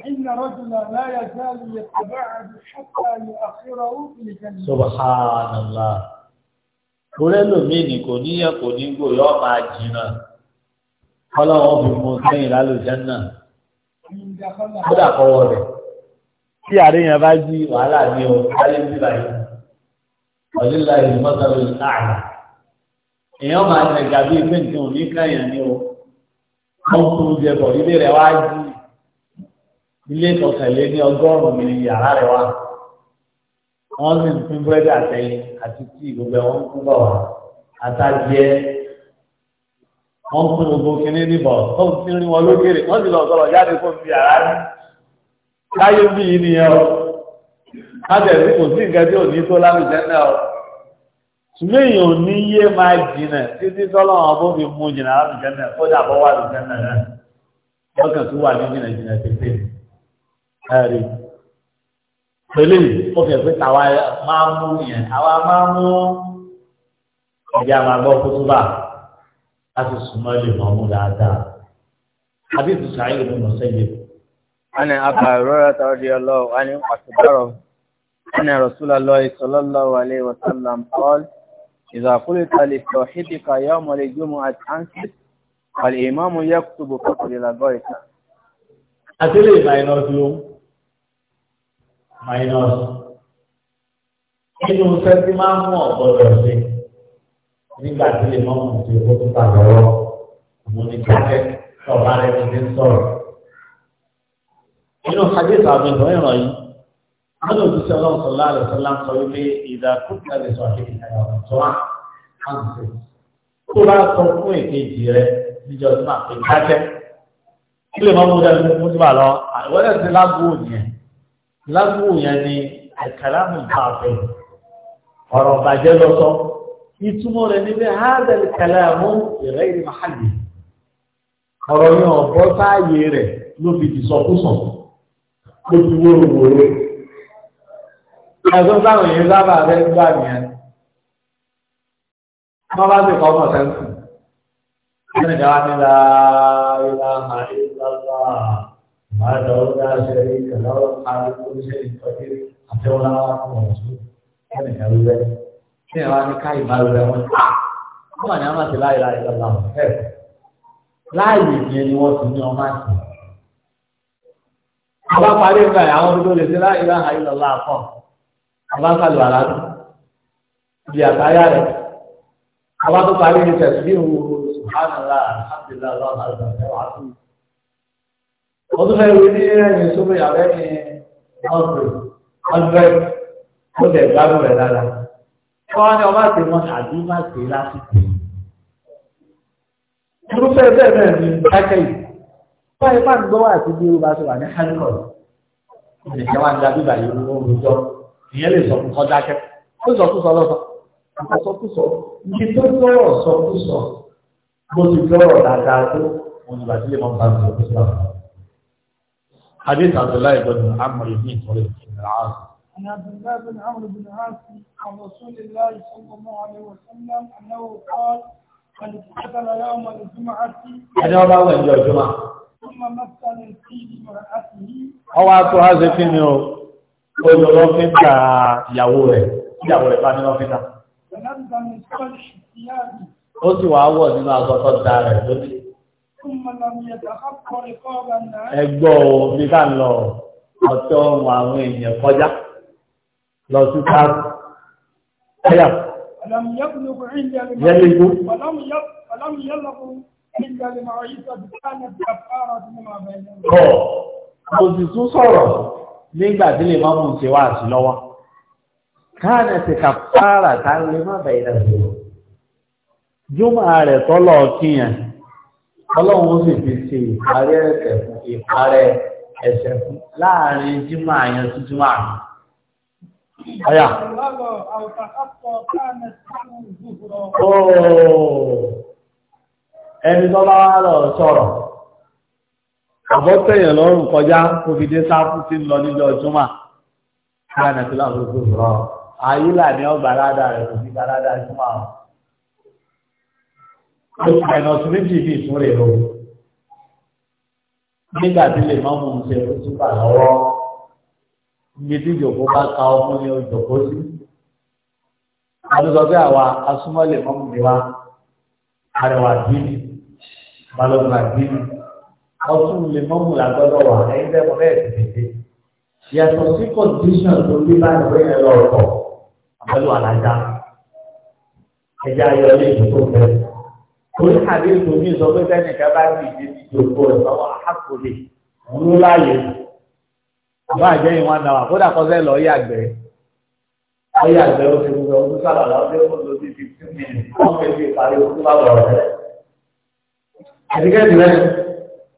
[SPEAKER 3] إن رجلا لا يزال يتباعد حتى يؤخره في الجنة.
[SPEAKER 1] سبحان الله. Kúrẹ́ lòmíì ni kò níyẹ kò ní gbò yọ máa jìnnà ọlọ́wọ́ fi mú sẹ́yìn lálùjẹ́ náà kódà kọ́wọ́ rẹ̀ tí àríyàn bá jí wàhálà ní o kálí ní báyìí ọ̀lẹ́lá ìlú mọ́tàlú náà èèyàn máa ń tẹ̀gà bíi pé nǹkan ò ní káyàn ní o wọ́n kúrú jẹ bọ̀ ilé rẹ̀ wá jí ilé kọkànlé ní ọgọ́rùn-ún ní yàrá rẹ̀ wá wọ́n sì ń pín búrẹ́dì àtẹ̀yìn àti tíì gbogbo ẹ̀ wọ́n ń kú bọ̀ wá àtàjẹ́ wọ́n pín gbogbo kínní níbọ̀ tó ń tí rí wọn lókèrè wọ́n sì lọ sọ̀rọ̀ jáde kó fi ara rí láyé bí yìí nìyẹn o kájẹ̀sí kò sí nǹkan tí ò ní tó lálùjẹ́ náà o ṣùgbọ́n èèyàn ò ní yé máa jìnà títí tọ́lọ́run ọbọ̀ fi mú jìnà lálùjẹ́ náà kó dà bọ́ wà lùjẹ́ náà wọ́n kàn tún wà ní jìnà jìnà tètè ẹ̀rí pẹ̀lú ó fi ẹ̀fẹ́ tàwa máa mú yẹn àwa máa mú ọ̀gá àmàgbọ́ kútúbà a sì súnmọ́ ilé mọ́mú dáadáa àbí ìtúsà ayé ló mọ̀ sẹ́yìn. أنا أبا هريرة رضي الله عنه أخبره أن رسول الله صلى الله عليه وسلم قال إذا قلت لصاحبك يوم الجمعة أنصت والإمام يكتب قتل لغيرك أتلي ماينوس يوم ماينوس إنه سنتي ما هو أبو nígbà tí lè mọ́mọ́ ti owó tó ta lọ́wọ́ mo ní kíkẹ́ tọ́ba rẹ̀ ti fi ń sọ̀rọ̀. inú hadith àbí ìrọ̀rọ̀ yìí wọ́n lòdì sí ọlọ́run sọ̀lá rẹ̀ sọ́lá ń sọ wípé ìdá kúkú àti sọ àti ìdàgbà ọ̀tọ́ á hàn sí. tó bá sọ fún èkejì rẹ níjọ tí màá fi kájẹ́ kí lè mọ́mọ́ dẹ́nu mú sí lọ àìwọ́dẹ̀ sí lágbóò yẹn lágbóò yẹn ni àìkàlámù bá a fẹ́ ọ̀rọ̀ bàjẹ́ lọ́sọ̀ọ́ ìtumọ̀ rẹ̀ ní pé hadal kalamu ìrẹ́ ìrìn mahali ọ̀rọ̀ yẹn ọ̀bọ sáàyè rẹ̀ ló fi ti sọkúsàn ló fi wórówóró ẹ̀sùn táwọn èèyàn sábà rẹ̀ ń gbà nìyẹn wọ́n bá sì kọ́ ọmọ sẹ́ńtì ẹni dáwà ní láàrínlá àìlọ́lá àdọ́gbà ṣẹlẹ̀ ìkẹlẹ́ ọ̀rọ̀ àdúgbò ṣẹlẹ̀ ìtọ́jú àtẹwọ́lá ọ̀ṣun ẹni dáwà ṣé ìwà ni ká ìbára rẹ wọn ta ah! wọn wà ní àwọn àti láyé láyé lọ́la wọn ẹ̀ láàyè yẹn ni wọ́n ti ní ọmọ àti. àbá parí ń báyìí àwọn olùdó lè ṣe láyé láyé lọ́la kọ́ àbá sàlù àlàdù ibi àtàyà rẹ̀ àbá tó parí ní tẹ̀sí bí òun subhanallah alhamdulillah lọ́la àgbàdo àti. wọ́n tún fẹ́ wí ní ẹ̀yìn sóbì àbẹ́ni ọ̀gbìn ọ̀gbìn ó lè gbádùn rẹ̀ dáadáa wọ́n ní ọba ṣe wọn àbí má ṣe lásìkò. irúfẹ́ bẹ́ẹ̀ bẹ́ẹ̀ ni dákẹ́ yìí wọ́n ipá ń gbọ́ àti bí irú bá ṣe wà ní hálíkọ̀ ìṣẹ̀jẹ̀ wa ń da bíbà yìí ló ń ìyẹn lè sọ fún kọ́ dákẹ́ ó sọ fún sọ lọ́sọ àkọsọkúsọ ibi tó lọ́rọ̀ sọkúsọ bó ti lọ́rọ̀ dáadáa tó wọn ìgbà tí mọ́ bá sọkúsọ. Adé Abdullahi Bọ́dún Amọ̀
[SPEAKER 3] عن عبد الله بن عمرو بن عاص عن رسول الله صلى الله عليه وسلم أنه قال من اغتسل يوم الجمعة أنا ما الجمعة ثم مثل في امرأته أو أتو هذا فيني
[SPEAKER 1] ó lọ lọ fi ń ta ìyàwó rẹ̀ ìyàwó rẹ̀ bá ní lọ fi ta.
[SPEAKER 3] ó sì wàá wọ̀
[SPEAKER 1] nínú aṣọ tó da rẹ̀ lónìí.
[SPEAKER 3] ẹgbọ́ o ká
[SPEAKER 1] lọ ọtọ́ ohun àwọn èèyàn kọjá lọ sí
[SPEAKER 3] káàkiri ẹ̀yà yẹ́lẹ́gbó kọ́
[SPEAKER 1] kò sì tún sọ̀rọ̀ nígbà tí lè máa mú ṣe wá sí lọ́wọ́ káàkiri ti kàfàrà tá lè má bẹ̀rẹ̀ jùmọ̀ rẹ̀ tọ́lọ̀ kíyàn ọlọ́run sì fi ṣe ìparẹ́ ẹ̀ṣẹ̀ fún ìparẹ́ ẹ̀ṣẹ̀ fún láàrin jùmọ̀ àyàn sí jùmọ̀ Aya. Oh. Ẹni tó bá wá lọ sọ̀rọ̀. Àbọ̀tẹ̀yàn lọ́rùn kọjá kó fi dé sáfù tí ń lọ nílò Júmà. Káyọ̀ rọ̀. ọgbà rẹ̀ kò sí méjì bíi ìtúnrẹ̀ Nígbà tí lè mọ́mú ibi tí ìjòkó bá ka ọmọ ni ó jòkó sí. Àdúgbò pé àwa asúmọ́lẹ̀ mọ́mùmí wa, àrẹwà bíbí, balọ̀gbà bíbí, ọtún lè mọ́mù làgbọ́dọ̀ wà ẹ̀yìn tẹ́ tètè. Yàtọ̀ sí condition tó bí bá ìwé yẹn lọ ọ̀tọ̀, àbẹ́lú àlàjá. Ẹja ayọ̀ ilé ìdókò fẹ́. Torí àdéhùn mi sọ pé sẹ́nìkan bá ti ìdí ìdókò ẹ̀ sọ́wọ́ àkòlè, òun ló láàyè àbá àjẹ́ yìí wọ́n dáwà kódà kọ́ fẹ́ lọ yí àgbẹ̀ ọyí àgbẹ̀ ó fi gbogbo ọdún sábà láwọn tó ń lò sí fifteen minutes wọ́n fi fi parí ojú bá wọ̀ rẹ̀.
[SPEAKER 3] àtikẹ́tì rẹ̀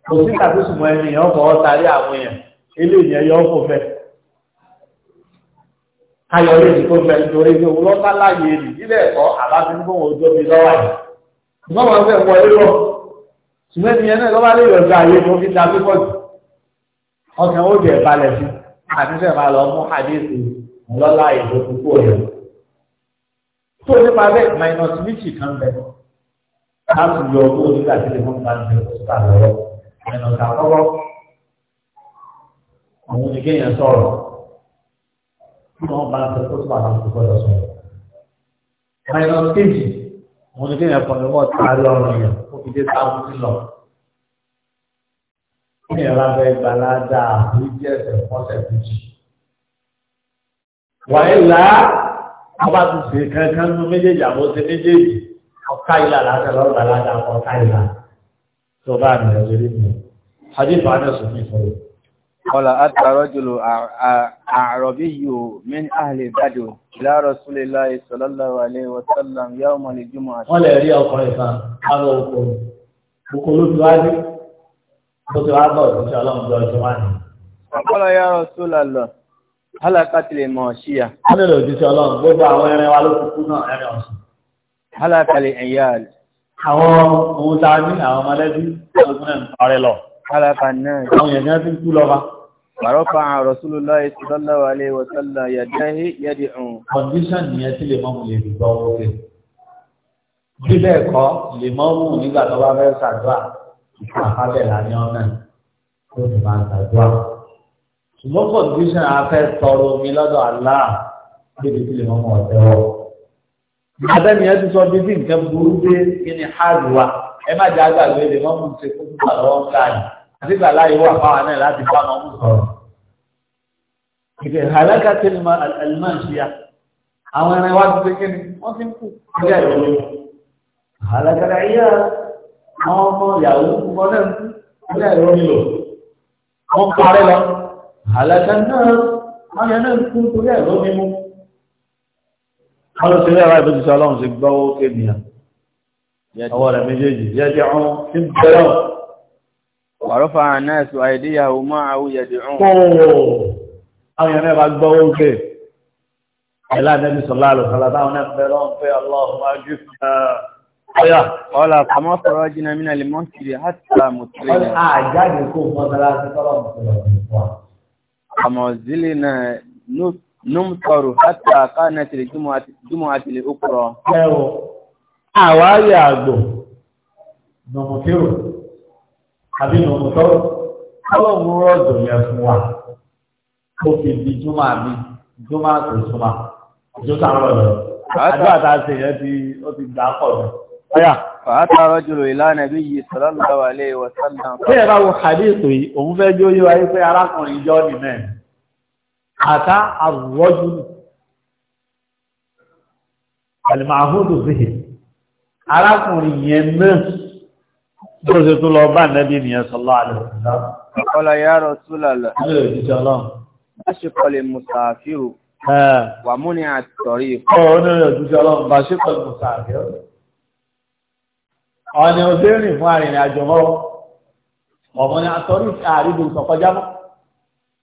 [SPEAKER 3] kò
[SPEAKER 1] sí kàtúsùmọ̀ ẹni yẹn ọkọ̀ ọ̀tàrí àwọn èèyàn eléyìí yẹn yọ ọkọ̀ fẹ́. ayọ̀ lè ti kó fẹ́ nítorí pé òun lọ́tà láàyè èlì nílẹ̀ ẹ̀kọ́ àbáfi ń bóun ojú omi lọ́wọ́ yìí. ṣùgbọ́n wọn fẹ́ wọ ọkàn ó jẹ balẹ̀ sí àtúnṣe máa lọ mú àdéhùn ńlọ́lá ìlú púpọ̀ rẹ̀. tó nípa bẹ́ẹ̀ minus méjì kan bẹ̀ láti yọ owó nígbà tí lè fún báńkì ọ̀sán lọ́wọ́ minus àkọ́kọ́ àwọn oníkéèyàn sọ̀rọ̀ tí wọ́n bá ń sọ tó tó àwọn sọ̀rọ̀. minus kejì àwọn oníkéèyàn pọ̀ ní wọ́n ta lọ́rùn yẹn ó fi dé sáwọn sílọ̀ ní ìlànà ìgbàládà àbújẹ ẹsẹ kejì. wàá là ábá ti ṣe kankan nínú méjèèjì àbó ṣe méjèèjì ọ̀ká ìlà láti lọ́rọ̀ gbàládà ọ̀ká ìlà tó bá mi ẹ̀ lórí mi. hadith àná sọ fún ìfọwọ́. Ọlá àtàrọ́jùlù àrọ̀bíyù min ahli Badu ila Rasulillahi sallallahu alaihi wa sallam yawmal jumu'ah. Wọ́n lè rí ọkọ̀ ìfà, àwọn òkú, òkú ló fi wá dé bó ti wá bọ̀ ìfúnṣẹ́ ọlọ́run jọ ọjọ́ wá ní. ọ̀pọ̀lọ̀ ya Rasulullah alákàtìlẹ̀ mọ̀ ṣíyà. wọ́n lè lò ìfúnṣẹ́ ọlọ́run gbogbo àwọn ẹran wa ló kúkú náà ẹran ọ̀sùn. alákàlẹ̀ ẹ̀yà rẹ̀. àwọn ohun tá a ní àwọn mọ̀lẹ́bí ọdún náà ń parẹ́ lọ. alákàlẹ̀ àwọn èèyàn ti kú lọ́ba. Àrọ́fà Rasulullah sallallahu alaihi wa sallam yàdáhí àfábẹ́là ní ọ̀nà tó sì máa ń gbàdúrà. ṣùgbọ́n kọ̀ǹdíṣàn afẹ́ tọrọ omi lọ́dọ̀ àlá débi tí lè mọ́ mọ́ ọ̀tẹ́ wọ. abẹ́mi ẹ ti sọ bí bí nǹkan burú dé kí ni háàlù wa ẹ má jẹ́ àgbàgbé lè mọ́ mọ́ ṣe kó gbà lọ́wọ́ ńlá yìí àti gbà láyé wà náà láti bá wọn mú sọ̀rọ̀. ìgbẹ́ àlákà ni àlùmọ́ ṣe ya àwọn ẹran wa ti ṣe kí ni wọ́n ti ń kú. àlákà àwọn ọmọ ìyàwó púpọ̀ náà ní ẹ̀rọ nílò wọ́n parẹ́ lọ àlàkà náà wọ́n yẹn náà kú torí ẹ̀rọ mímú wọ́n lọ sí ilé ẹ̀rọ ìbí sísọ ọlọ́run sí gbọ́wọ́ kéènìyàn ọwọ́ rẹ̀ méjèèjì yẹ́dì ọ̀hún sí bẹ̀rẹ̀ wàrọ́fà náà sọ àìdíyàwó máa àwú yẹ̀dì àwọn yẹn náà bá gbọ́wọ́ kéè ẹ̀lá nẹ́bí sọ̀lá àlùkàlà táwọn náà bẹ̀rẹ̀ ọ̀hún pé Ọ̀yà, ọ̀là kàmọ́ fọ̀rọ̀ jìnà mí nàlè mọ́ kiri hátà mùtìrì. Àjáde kò mọ́tàlá sí tọ́lọ̀ mùtìrì wà. Àmọ̀ zílì na númtọ̀rù hátà káàná tìrì jùmọ̀ àtìlẹ̀ òkúrọ̀. Ẹ̀wọ̀, àwárí àgbò, nọ̀mùtìrù, àbí nọ̀mùtọ̀rù, tọ́lọ̀ mú rọ̀dọ̀ yẹn fún wa. Ó fi di jùmọ̀ àbí jùmọ̀ àtòsùmọ̀, ìjọ́ta rọ̀dọ̀. Àdúrà tá a ṣe yẹn ti ó ti gbà pọ̀ ọ̀yà. fàátà rọ́jùlọ ìlànà bí yìí sallallahu alaihi wa sallam. bí ẹ bá wo hadith yìí òun fẹ́ jó yíwa yí pé arákùnrin jọ́ ni mẹ́ àtà àrọ́jù alimahudu bihi arákùnrin yẹn náà bó ṣe tó lọ bá nẹ́bí nìyẹn sallallahu alaihi wa sallam. ọ̀la ya Rasulallah. ní òjijì ọlọ́run. má ṣe kọ́lé ọ̀nà òṣèrìn fún arìnrìn àjò mọ́ ọmọ ni àtọ́rí àrídò ìsọ̀kọjá mọ́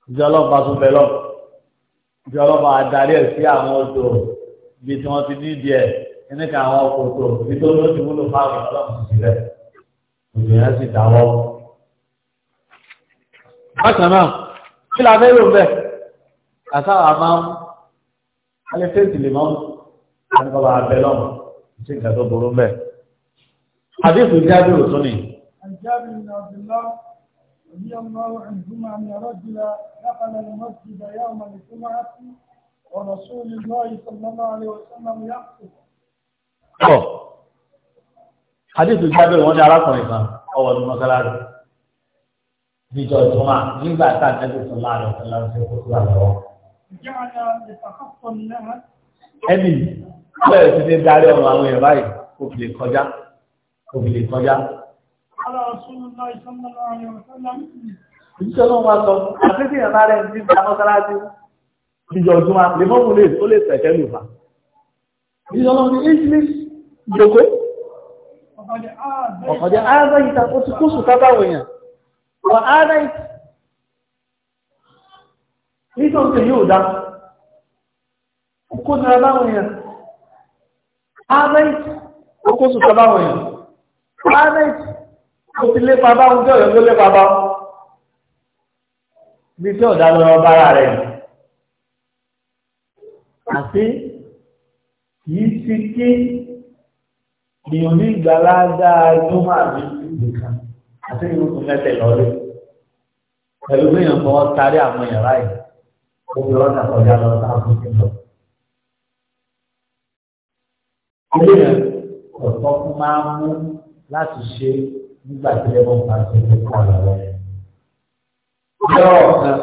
[SPEAKER 1] ìjọlọ́ba tún bẹ̀ lọ ìjọlọ́ba adarí ẹ̀ sí àwọn odò ibi tí wọ́n ti ní ìdí ẹ̀ nípa àwọn kòtò ibi tó ló ti wúlò fáwọn ọlọ́run sílẹ̀ òjò yẹn sì dáwọ́. bákan náà kí la fẹ́ lò bẹ́ẹ̀ àtàwọn àmà ń alẹ́ fẹ́ǹtì lè mọ́ àwọn ọba abẹ lọ́mọ ṣé nǹkan tó burú bẹ́ẹ̀. Àdéhùn jábìrì tó
[SPEAKER 3] ní. Àjábì ní Abdullah, òní ọmọ ìgbìmọ̀ àmì àrọ́jìlá lápàlẹ̀ ìmọ̀sí ìdáyà ọmọ ìgbìmọ̀ àti ọ̀rọ̀ sóòlì lọ́yìn sọ̀lọ́mọ àrẹ òṣèlú àmì yàtọ̀.
[SPEAKER 1] Ọ̀ Àdéhùn jábìrì wọ́n ní arákùnrin kan ọwọ́ ní mọ́sálárì. Níjọ ìtumá nígbà tá àtẹ́gùn tó láàrin ọ̀sán láti ṣe kó sílá lọ́wọ́. Ẹni bẹ́ẹ̀ ti dé darí ọmọ àwọn èèyàn báyìí kó fi lè kọjá òbílẹ̀ kọjá. Ìṣẹ́ ló wá sọ, àtẹ́sí ìyànlá rẹ̀ ní ìdámọ́sárájú, ìjọ ọdún wa, lè mọ́mù lè tó lè tẹ̀kẹ́ lù fà.
[SPEAKER 3] Ìṣẹ́ ló ní English jòkó. Ọ̀kọ̀dẹ̀ ààbẹ̀ ìta ó ti kó sùtá báwò èèyàn. Wọ́n ààbẹ̀ ìta. Nítorí pé yóò dá. Ó kó sùtá báwò èèyàn. Ààbẹ̀ ìta ó kó sùtá báwò èèyàn planet ó ti lépa bá ń jọ̀yọ̀ tó lépa bá
[SPEAKER 1] bí tí ọ̀dà lọ ọba ara rẹ̀ àti kìí ti kí èèyàn ní ìgbàládá inú máa bí nìkan àti ìrúkú mẹ́tẹ̀ lọ́lé pẹ̀lú bí èèyàn fọwọ́ tarí àwọn èèyàn láì ó fi ọ̀nà kọjá lọ sáàbù sí lọ. ilé yẹn ọ̀tọ́ fún máa ń mú láti ṣe nígbà tí ẹ bọ́n bá ṣe fún ọ̀la rẹ̀. Yọ̀ọ̀ kan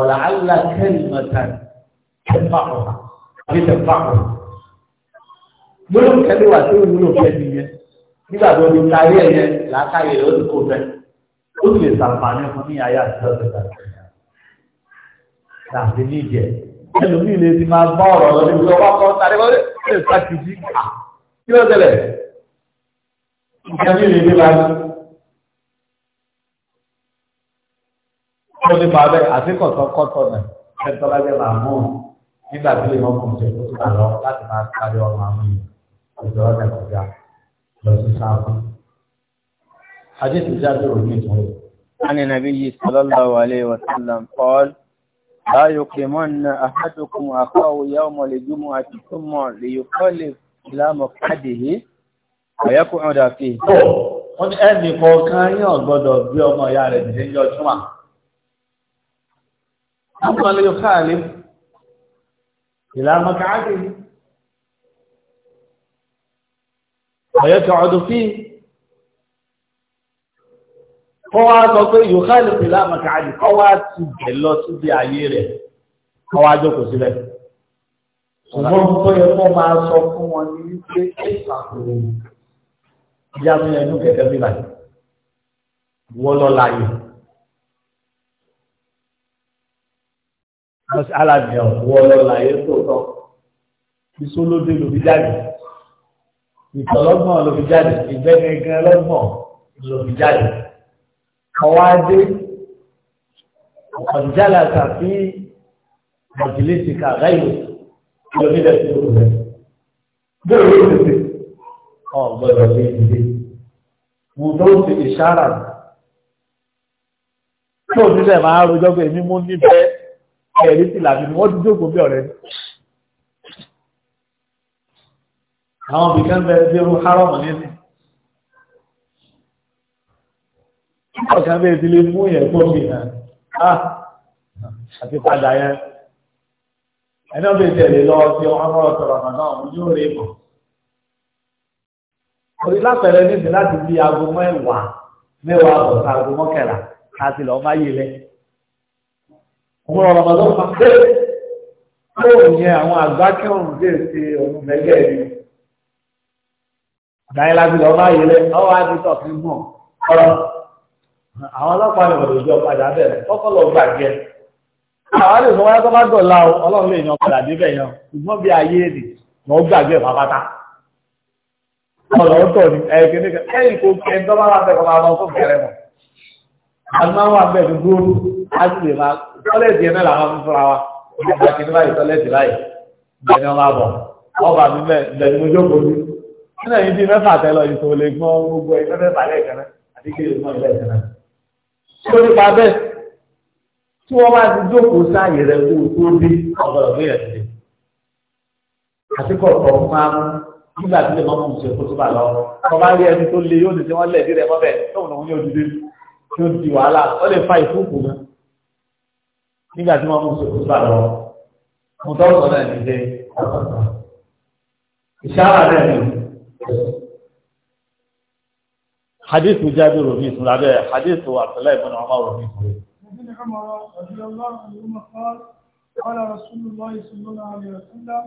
[SPEAKER 1] ọ̀la àlá kẹ́lìmọ̀tà tẹ̀fà ọ̀la àbí tẹ̀fà ọ̀la. Gbọ́dọ̀ kẹ́lí wà tí òun lò fẹ́ nìyẹn. Nígbà tó ní kárí ẹ̀ yẹn làákàyè rẹ̀ ó ti kó bẹ́ẹ̀. Ó sì lè sàǹfààní fún ní ayé àtijọ́ tó Tàbí ní ìjẹ. Ẹlòmíì lè ti máa bá ọ̀rọ̀ lọ ìjẹ́bí rẹ̀ bí láti. Ó ní bá bẹ́ẹ̀ àtikọ̀tọ̀ kọ́tọ̀ náà ẹ̀tọ́ lájẹ́ máa mú nígbà tí ìmọ̀ kò ṣe tó kà lọ láti máa kárí ọmọ àwọn èèyàn àjọ kọjá lọ sí sáfún. Ajé ti jáde òní ìtàn rẹ̀. عن النبي صلى الله عليه وسلم قال لا يقيمن أحدكم أخاه يوم الجمعة ثم ليخالف إلى مقعده àyẹ́kù ọ̀dà fi. wọ́n ní ẹnì kọ̀ọ̀kan yóò gbọ́dọ̀ gbé ọmọ ìyá rẹ̀ dìde ní ọjọ́ mà. àwọn ọlẹ́yọ̀ káàlẹ́ ìlànà káàdì àyẹ́kù ọ̀dọ̀ fi. kọ́ wá sọ pé yòókàlù ìlànà káàdì kọ́ wá ti bẹ̀ lọ síbi ayé rẹ̀ kọ́ wá jókòó sílẹ̀
[SPEAKER 2] ṣùgbọ́n tó yẹ
[SPEAKER 1] kó máa sọ fún wọn ní wípé ẹ̀ka kò ìyá mi ẹnu kẹ̀kẹ́ mi báyìí wọ́n lọ láàyè. Bọ́sí alábìyàn wọ́n lọ láàyè tòótọ́. Iṣó ló dé lóbi jáde. Ìtọ́lọ́gbọ̀n lóbi jáde. Ìgbẹ́gẹ́gẹ́ lọ́gbọ̀n lóbi jáde. Ọwọ́ adé ọ̀jálà tàbí mọ̀jìlẹ́sì kàgáyò lóbi dẹ̀ sí òkú rẹ̀. Bẹ́ẹ̀ ọ̀gbọ́dọ̀ lé ìdílé mo tó ń ṣe ìṣára tí òṣìṣẹ́ máa ń rojọ́ pé èmi mú níbẹ̀ ẹ̀rí sí làbí wọ́n ti jókòó bí ọ̀rẹ́ ni. àwọn bìkan bẹ̀rẹ̀ bí irú hárọ̀mù nínú ọ̀kan bẹ́ẹ̀ ti lè mú yẹn pọ̀ mí hàn á ah, àti padà yẹn ẹ̀dọ́ bẹ́ẹ̀ tẹ̀lé lọ́wọ́ sí ọmọ ọ̀sọ̀rọ̀ náà òun yóò rí mọ̀ orí lápẹ̀rẹ̀ níbi láti bí aago mẹ́wàá mẹ́wàá àbọ̀ aago mọ́kànlá láti lọ́ọ́ máa yé lẹ. òun ọ̀rọ̀ ọ̀dọ́ pé lóòrùn yẹn àwọn àgbá kírun ṣe ọdún mẹ́gẹ́ rí. àdáyé láti lọ́ọ́ máa yé lẹ ọwọ́ á ti tọ̀ ọ̀rọ̀. àwọn ọlọ́pàá ni ọ̀dọ̀ ìjọ padà bẹ̀rẹ̀ kọ́kọ́ lọ gbàgbé. àwọn àlè wáyé tó bá dọ̀la ọlọ́run lè yan padà débẹ̀ yan ṣùgbọ́n bí ayé rè wọ́n gbàgbé pàpátá ọ̀rọ̀ ọ̀tọ̀ ni ẹ̀kẹ́ nígbà ẹ̀yìn kò kẹ́ ń dọ́bára bẹ̀rẹ̀ máa lọ fún kẹrẹ mọ̀ aláwọ̀ abẹ́rẹ́ dúró á sì lè máa tọ́lẹ̀tì ẹ̀ náà làwọn fi fúnra wa nígbà tí ní báyìí tọ́lẹ̀tì láyìí bẹ́ẹ̀ ni wọ́n máa bọ̀ ọba mi bẹ́ẹ̀ lẹ́nu mo jókòó sí nínú ẹ̀yìn bíi mẹ́fà tẹ́lọ ìṣòwò lè gbọ́n gbogbo ẹ̀yìn mẹ́fà lẹ́ẹ̀kẹ́rẹ́ àti kí lè gbọ́n lẹ́ẹ̀kẹ́rẹ́ tó nípa bẹ́ẹ̀ tí wọ́n bá ti jókòó sáàyè rẹ̀ kó tó dé ọ̀gbọ̀n nígbà tí lè mọ́ fún ìṣe kó tó bà lọ kọ́ bá rí ẹni tó le yóò lè ṣe wọ́n lẹ̀ dídẹ̀ mọ́bẹ̀ tóun òun yóò dìde yóò di wàhálà ó lè fa ìfúnpù mọ́ nígbà tí wọ́n mú ìṣe kó tó bà lọ mo tọ́ sọ náà nílé ìṣára náà ni hadith Jabir romi sun lábẹ́ hadith Abdullahi ibn Umar romi sun.
[SPEAKER 3] عمر رضي الله عنهما قال قال رسول الله صلى الله عليه وسلم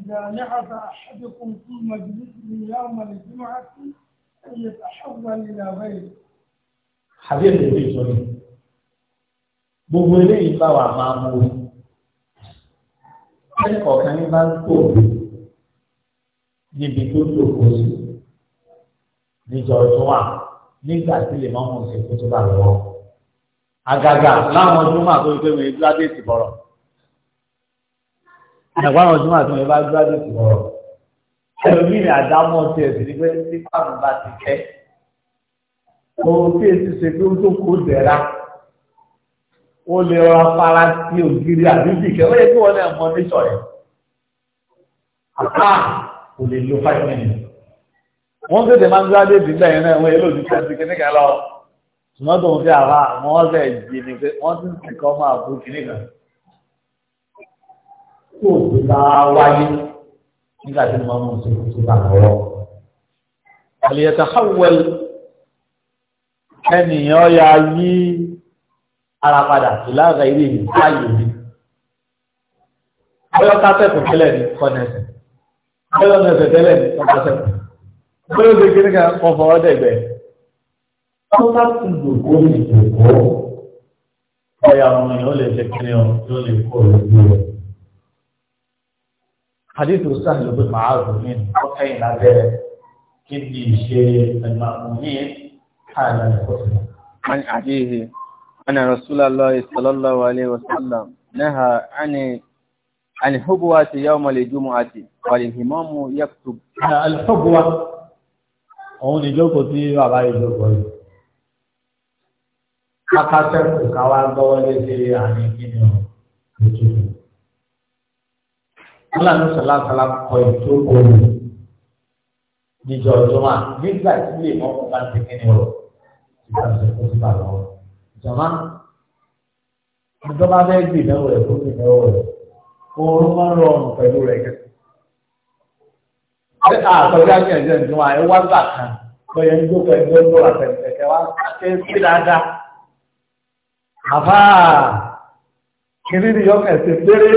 [SPEAKER 3] إذا نعس أحدكم في مجلسه يوم الجمعة أن يتحول إلى غيره.
[SPEAKER 1] حديث النبي صلى الله عليه وسلم. gbogbo eléyìí bá wà máa mú o ẹni kọ̀ọ̀kan ní bá ń tò níbi tó tò kó sí níjọ ọdún wa nígbà tí lè máa mú kó tó bá lọ́wọ́ àgàgà láwọn ọdún wa tó ń gbé wọn ìdúrà dé ìsìbọ̀rọ̀ ẹ̀wá àwọn ọdún àti ọ̀yẹ́ bá gbádùn sí ọ̀rọ̀ ẹ̀mí rẹ̀ àdámọ́ ti ẹ̀sìn ní pé tí fáàmù bá ti kẹ́ ohun tí èsì ṣe pé ó tó kó dẹ̀ra ó lè rọra fara sí ògiri àdúgbò ìkẹwé kí wọn náà mọ níṣọ yẹn àpá kò lè lo five minutes wọn tètè máa ń gbádùn ìdílé yẹn náà wọn èlò òdì kẹsì kẹsìkẹ lọ ṣùgbọ́n tó ń fi àwa wọn fẹ́ jì ní pé wọ́n ti ń sìnkọ́ máa bú kìnnìkan tí òkú bá wáyé nígbà tí mo máa ń sọ tó bá lọ́wọ́. àlìyàtà hawel ẹnìyàn ya yí ara padà sí lára ilé ìgbáyé mi. bóyá kásẹ̀tù tẹ́lẹ̀ ní kọ́nẹ́sì bóyá ọ̀nẹ́sẹ̀ tẹ́lẹ̀ ní kọ́nẹ́sẹ̀tù bóyá ó kí ní ká kọ́fọ́ ọ́dẹ̀gbẹ́. wọ́n bá ti dòkó ní ìdòkó ọ̀yà ọmọ ó lè ṣe kí ni ó lè kó òun hadith Sahal bin Ma'adh ní ọkẹyìn lábẹrẹ kí ni ìṣe ẹgbàmùmíín káàlà ìfọsọ. wọn àdéhì wọn àrùn súlá lọ ìsọlọlọ wàlẹ wàsálà náà àní alhubuwa ti yá ọmọ lè jùmọ àti wàlìhìmọmù yàtọ. alhubuwa òun ni jókòó tí bàbá yìí jókòó yìí. kákásẹ́kù káwá gbọ́wọ́lé sí àní kí ni ó tó aláàánú sàlásàlá kọ ètò òru jíjọ ọjọ́mà nígbà tí lè mọ ọkọ̀ bá ń tẹ̀kẹ́ ní ọ̀rọ̀ ìgbà tó kó sí bàbá wọn. ìjọba ìjọba bẹ́ẹ̀ gbé ìnáwó rẹ̀ kó gbé ìnáwó rẹ̀ oorun máa ń rọrùn pẹ̀lú rẹ̀ kẹ́kẹ́. ṣé àtọ́jú àti ẹ̀jẹ̀ ń dún wa ẹ wá gbà kan lọ́yẹ̀ ń dókọ̀ ẹgbẹ́ ń lọ́ra pẹ̀lẹ́kẹ́ wá ṣe sí dáadáa. àbá kìnìún yọkẹ̀ ṣe péré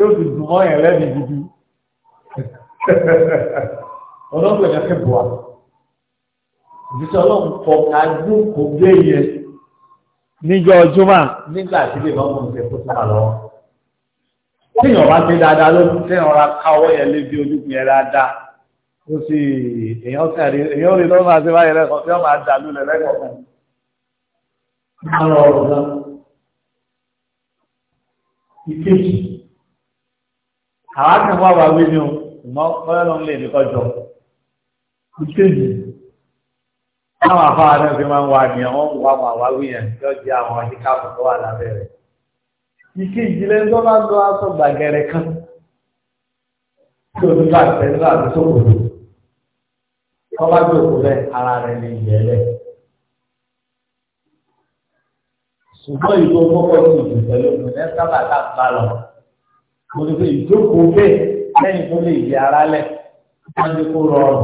[SPEAKER 1] tí o ti dùn mọ́ yẹn lẹ́bi gidi ọlọ́gbọ̀n yẹn fi bọ̀ wá ìdíṣẹ́ ọlọ́run kọ agbó kò gbé yẹ níjọ́ ọjọ́mọ́ nígbà tí lè máa mọ̀ nípa tó máa lọ. téèyàn bá gbé dáadáa ló téèyàn ra káwọ́ yẹn lébi ojúkùn yẹn dáadáa ó sì èèyàn sàrí èèyàn rí lọ́wọ́ àti báyìí lẹ́kọ̀ọ́ tí wọ́n máa dà lulẹ̀ lẹ́kọ̀ọ́ fún máa rọrùn náà. ìkejì àwa kan wà wá wí ni o ìmọ̀ ọlọ́run lè ní kọjọ. ìkejì táwọn afárá náà fi máa ń wá nìyẹn wọ́n wá wà wá wí yẹn tí ó jẹ́ àwọn oníkàwé tó wà lábẹ́ rẹ̀. ìkejì lẹ́nu tó bá lọ aṣọ gbàgẹ̀rẹ̀ kan tí o ti bá tẹ̀lé láti sókòtò tọ́ba tó kù bẹ́ẹ̀ ara rẹ̀ lè yẹ lẹ̀. ṣùgbọ́n ìgbó kọ́kọ́ tó ìgbésẹ̀ lókun ẹ̀ sábà tá bá lọ mo ti fi ìjókòó bẹ́ẹ̀ lẹ́yìn tó lè yí ara lẹ̀ wọ́n ti kó rọrùn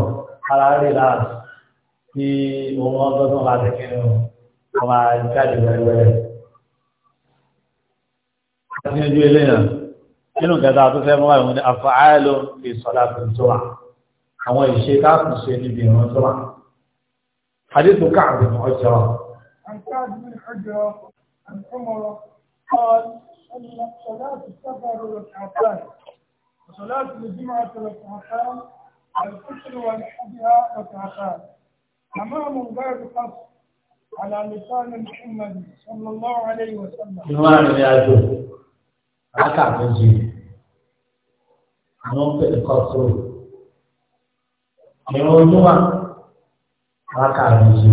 [SPEAKER 1] ara rí lára tí òun ọgọ́sán bá ti kiri wọn máa jáde wẹ́rẹ́wẹ́rẹ́. láti ojú eléyàn nínú kẹta tó fẹ́ mọ́ àwọn afáàlò fi sọ́lá tó tó wà àwọn ìṣe káàkùn ṣe níbi ìran tó wà. حديث كعب بن
[SPEAKER 3] صلاة السفر ركعتان وصلاة الجمعة ركعتان والفجر ونحوها ركعتان أمام باب قصر على لسان محمد صلى الله عليه وسلم. نعم يا
[SPEAKER 1] جو. ركع من جيل. نوم في القصر. ìrun júmọ̀ rákà méjì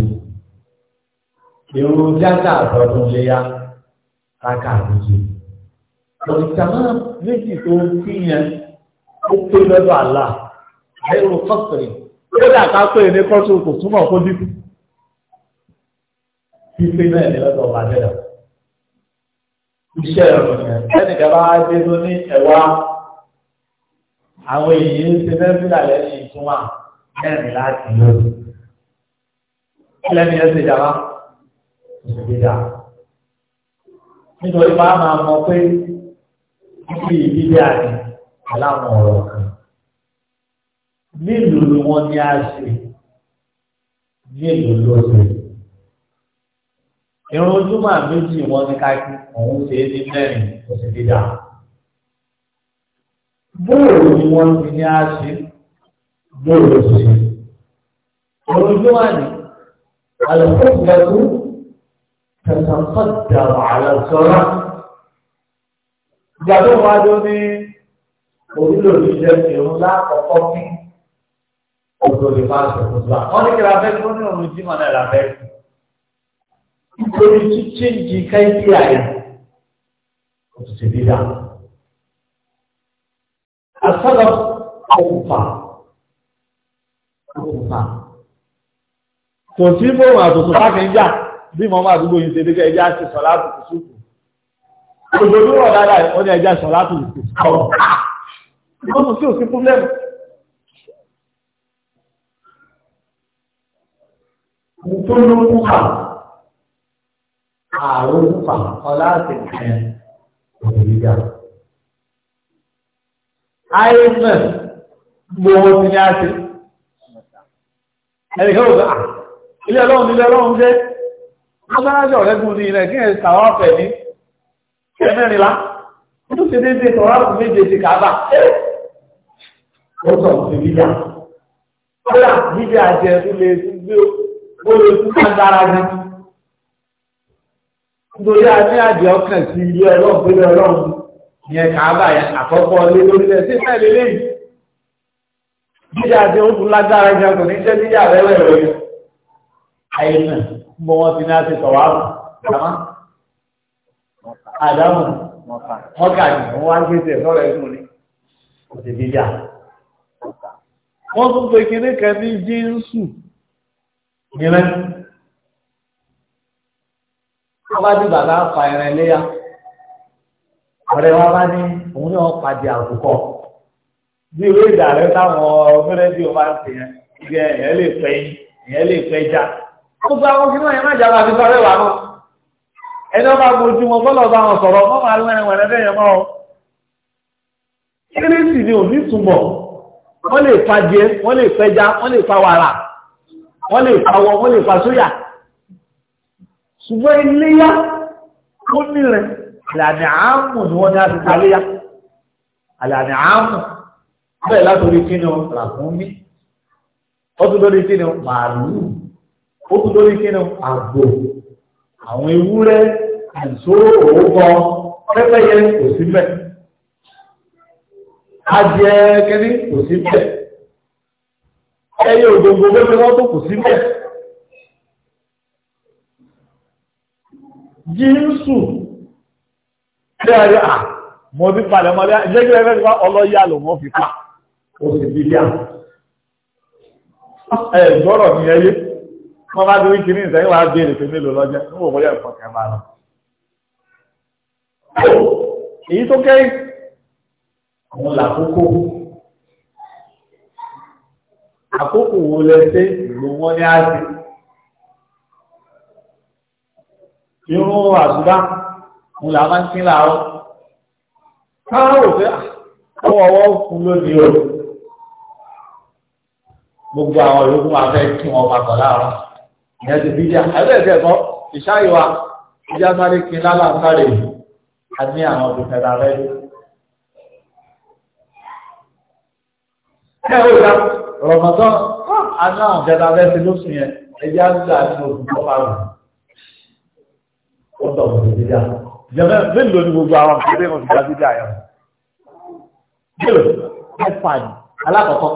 [SPEAKER 1] يوم jágà àtọ́dún léyá ọ̀dùnkàmá méjì tó ń fi ó pé lọ́dọ̀ àlá ẹ̀rọ kọ́sìrì kódà ká pé ní kọ́sìrì kò túmọ̀ kó dínkù pípé náà ní lọ́dọ̀ ọba dẹ́dà iṣẹ́ ẹ̀rọ yẹn ẹnìkan bá dé tó ní ẹ̀wá àwọn èyí ń ṣe mẹ́fìlà lẹ́yìn ìtumọ̀ mẹ́rin láti lórí lẹ́nu yẹn ṣe jàmbá ìṣèjì dà nítorí máa máa mọ pé ibi ìdílé àti aláwọn ọ̀rọ̀ kan. Nílùú ni wọ́n ní àṣẹ, nílùú ló ṣe. Irun ojúmọ̀ méjì wọ́n ní káàkiri, òun ṣe é ní mẹ́rin, ó sì dídà. Bóòlù ni wọ́n ti ní àṣẹ, bóòlù ṣe. Irun ojúmọ̀ ni, àlùkò ìgbàgbọ́, tẹ̀sán kọ́ dàrú àlọ́ sọ́rọ́ ìgbà tó wá ló ní orílẹ̀ òṣìṣẹ́ ìrún lákọ̀ọ́kọ́ ní ọ̀dọ̀ lè máa sọ̀rọ̀ gbà wọ́n ní kí lafẹ́ tó ní òun jí mọ̀ náà lafẹ́
[SPEAKER 3] nítorí títí
[SPEAKER 1] di káyìí àyè òtútù dídá.
[SPEAKER 3] Àsọ̀dọ̀ àwùfà àwùfà
[SPEAKER 1] kò sí fóònù àtòtò fáfin jà bí mo máa dúgbò yìí ṣe dé kẹ́ ẹjẹ́ àti sọ̀lá àtòtò sùkù. Òjò ló rọ̀ dáadáa ìwọ́n ní ẹja sọ láti lè sọ̀rọ̀.
[SPEAKER 3] Ah! Ìgbọ́n tó sí òsì púlẹ̀mù.
[SPEAKER 1] Mo tó ló ń kúkà. Ààrùn kúkà ọlá àti ìkẹ́ òmìnira. Àìsàn gbogbo ti ní a ṣe. Ẹ̀rìkẹ́ òkè à. Ilé ọlọ́run ilé ọlọ́run jẹ́. Wọ́n sáájú ọ̀rẹ́gùn ní ilẹ̀ kí ẹ̀ sàwọ́ fẹ̀ ní ẹ̀mẹ́rin la tó ṣe déédéé tọ́ra kù méjèèjì kàbà ó sọ fún bíbíà kódà bíbíà jẹ tó lè tún gbé ó lè tún kágbára ní nítorí a ní àjẹ ọkàn sí ilé ọlọ́run pé ilé ọlọ́run yẹn kàbà yẹn àkọ́kọ́ lé lórílẹ̀ sí fẹ́ẹ̀lẹ́ lẹ́yìn bíbíà jẹ ó tún lágbára jẹ kò ní jẹ́ bíbíà rẹ̀ rẹ̀ rẹ̀ àyè náà ń bọ́ wọn ti ní àti tọ̀wá àmọ́. Àdámù mọ́kà ní wọ́n wá ń gbé tẹ̀ lọ́rẹ̀ ẹ̀dùn ni. Kò sì fi yà.
[SPEAKER 3] Wọ́n tún pe kinní kan ní Jínsù.
[SPEAKER 1] Ìrẹ́. Wọ́n bá dé bàbá fa ìrìn léyà. Ọ̀rẹ́ wa bá ní òun náà pàdé àkùkọ. Bí ìwé ìdàrẹ́ táwọn ọ̀gbẹ́rẹ́ bí o máa ń pè yẹn, ìgbẹ́ ẹ̀yẹ́ lè fẹ́ yín, lè fẹ́ já. Gbogbo àwọn kinní wọn yẹn má jábọ̀ àti sọ́rẹ́ wà náà ẹni ọba gbojú wọn bọ́lọ̀ bá wọn sọ̀rọ̀ mọ́ máa lẹ́rin wẹ̀rẹ́ bẹ́ẹ̀ yẹn mọ́ kérésì
[SPEAKER 3] ni òní túnbọ̀
[SPEAKER 1] wọ́n lè fa jẹ wọ́n lè fẹja wọ́n lè fa wàrà wọ́n lè fa wọ wọ́n lè fa sóyà ṣùgbọ́n iléyà ó nílẹ̀ àlàní àámù ni wọ́n ní a ti ta léyà àlàní àámù bẹ́ẹ̀ látòrí kí ni ràkúnmí ó tún lórí kí ni màálù ó tún lórí kí ni àgbò àwọn ewúrẹ́ àìsó òwúkọ pẹ́pẹ́yẹ kò sí mẹ́ adìẹ kẹ́ni kò sí mẹ́ ẹyẹ ògbóngbò pẹ́pẹ́ wọ́n tó kò sí mẹ́
[SPEAKER 3] jíńsù
[SPEAKER 2] tí a rí
[SPEAKER 1] à mọ́ bí palẹ̀ mọ́ bí ẹgbẹ́ ẹgbẹ́ ìwá ọlọ́yà lò wọ́n fi pa ó sì bí bí ẹ̀gbọ́rọ̀ ní ẹyẹ wọ́n bá ti rí kìíní ìsẹ́yìn wá gbé èrè mélòó lọ́jẹ́ níwò bóyá ìfọ̀kẹ́ máa lọ èyí tó kẹ́yìn àwọn làkókò àkókò wo lẹ ṣe ìlú wọn ní àti irun àṣùbá ń là máa ń kí láàárọ̀ káàrò pé ah, ọwọ́ ọwọ́ fún lónìí o gbogbo àwọn yòókù máa fẹ́ kí wọn papọ̀ láàárọ̀ ìyẹn ti bí díà ẹgbẹ́ ìfẹ́ kọ́ ìṣáyíwá ìjà sáré kí lálàá sáré yìí a ní àwọn òṣìṣẹ́ ta fẹ́ dé. ẹ ò dá rọmọdán a ní àwọn òṣìṣẹ́ ta fẹ́ sí lóṣù yẹn ẹjẹ àdúrà ní oṣù tó bá wù ó tọ̀ òṣìṣẹ́ dídá jẹ́mẹ́ mélòó ni gbogbo àwọn òṣìṣẹ́ òṣìṣẹ́ dídá yẹn mélòó mẹ́fà ní alákọ̀ọ́kọ́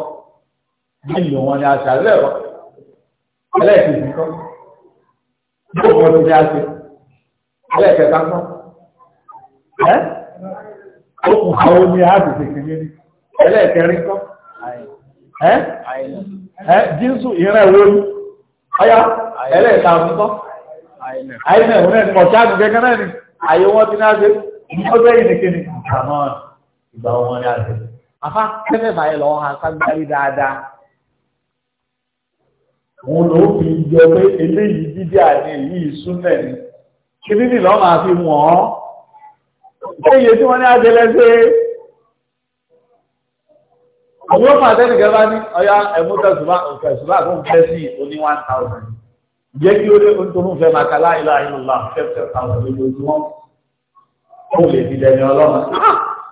[SPEAKER 1] mélòó wọn ni a ṣàlẹ́ ẹ̀rọ ẹlẹ́ẹ̀kejì kan yóò wọ́n ti ní a ẹlẹ́ẹ̀kẹta kan. ẹ́ okùn àwọn omi àbùsè kìíní ẹlẹ́ẹ̀kẹrin kọ́ ẹ́ ẹ́ ìrìn ẹ̀wọ́ ni ọ̀yá ẹlẹ́ẹ̀ta àkúkọ́ àìnà ẹ̀wọ̀n náà ni mọ̀ṣá àti náà ni àyè wọn ti náà ṣe ọjọ́ yìí nìkan ni àmọ́ ìgbà wọn ni kẹ́fẹ́ lọ́wọ́ ha dáadáa òun ló fi yọ pé eléyìí dídí Iye tí wọ́n ní àjẹlẹ́ ṣe àwọn ọmọ àtẹ́nì gẹ́gẹ́ ní ọya ẹ̀mútẹ̀sùbá òkèsùbá tó ń fẹ́ sí oní 1000 jẹ́ kí ó lé oúnjẹ fẹ́ máa kàlá ilá ìlúlá 50,000 lójoojúmọ́ ó lè fi dẹ̀mí ọlọ́run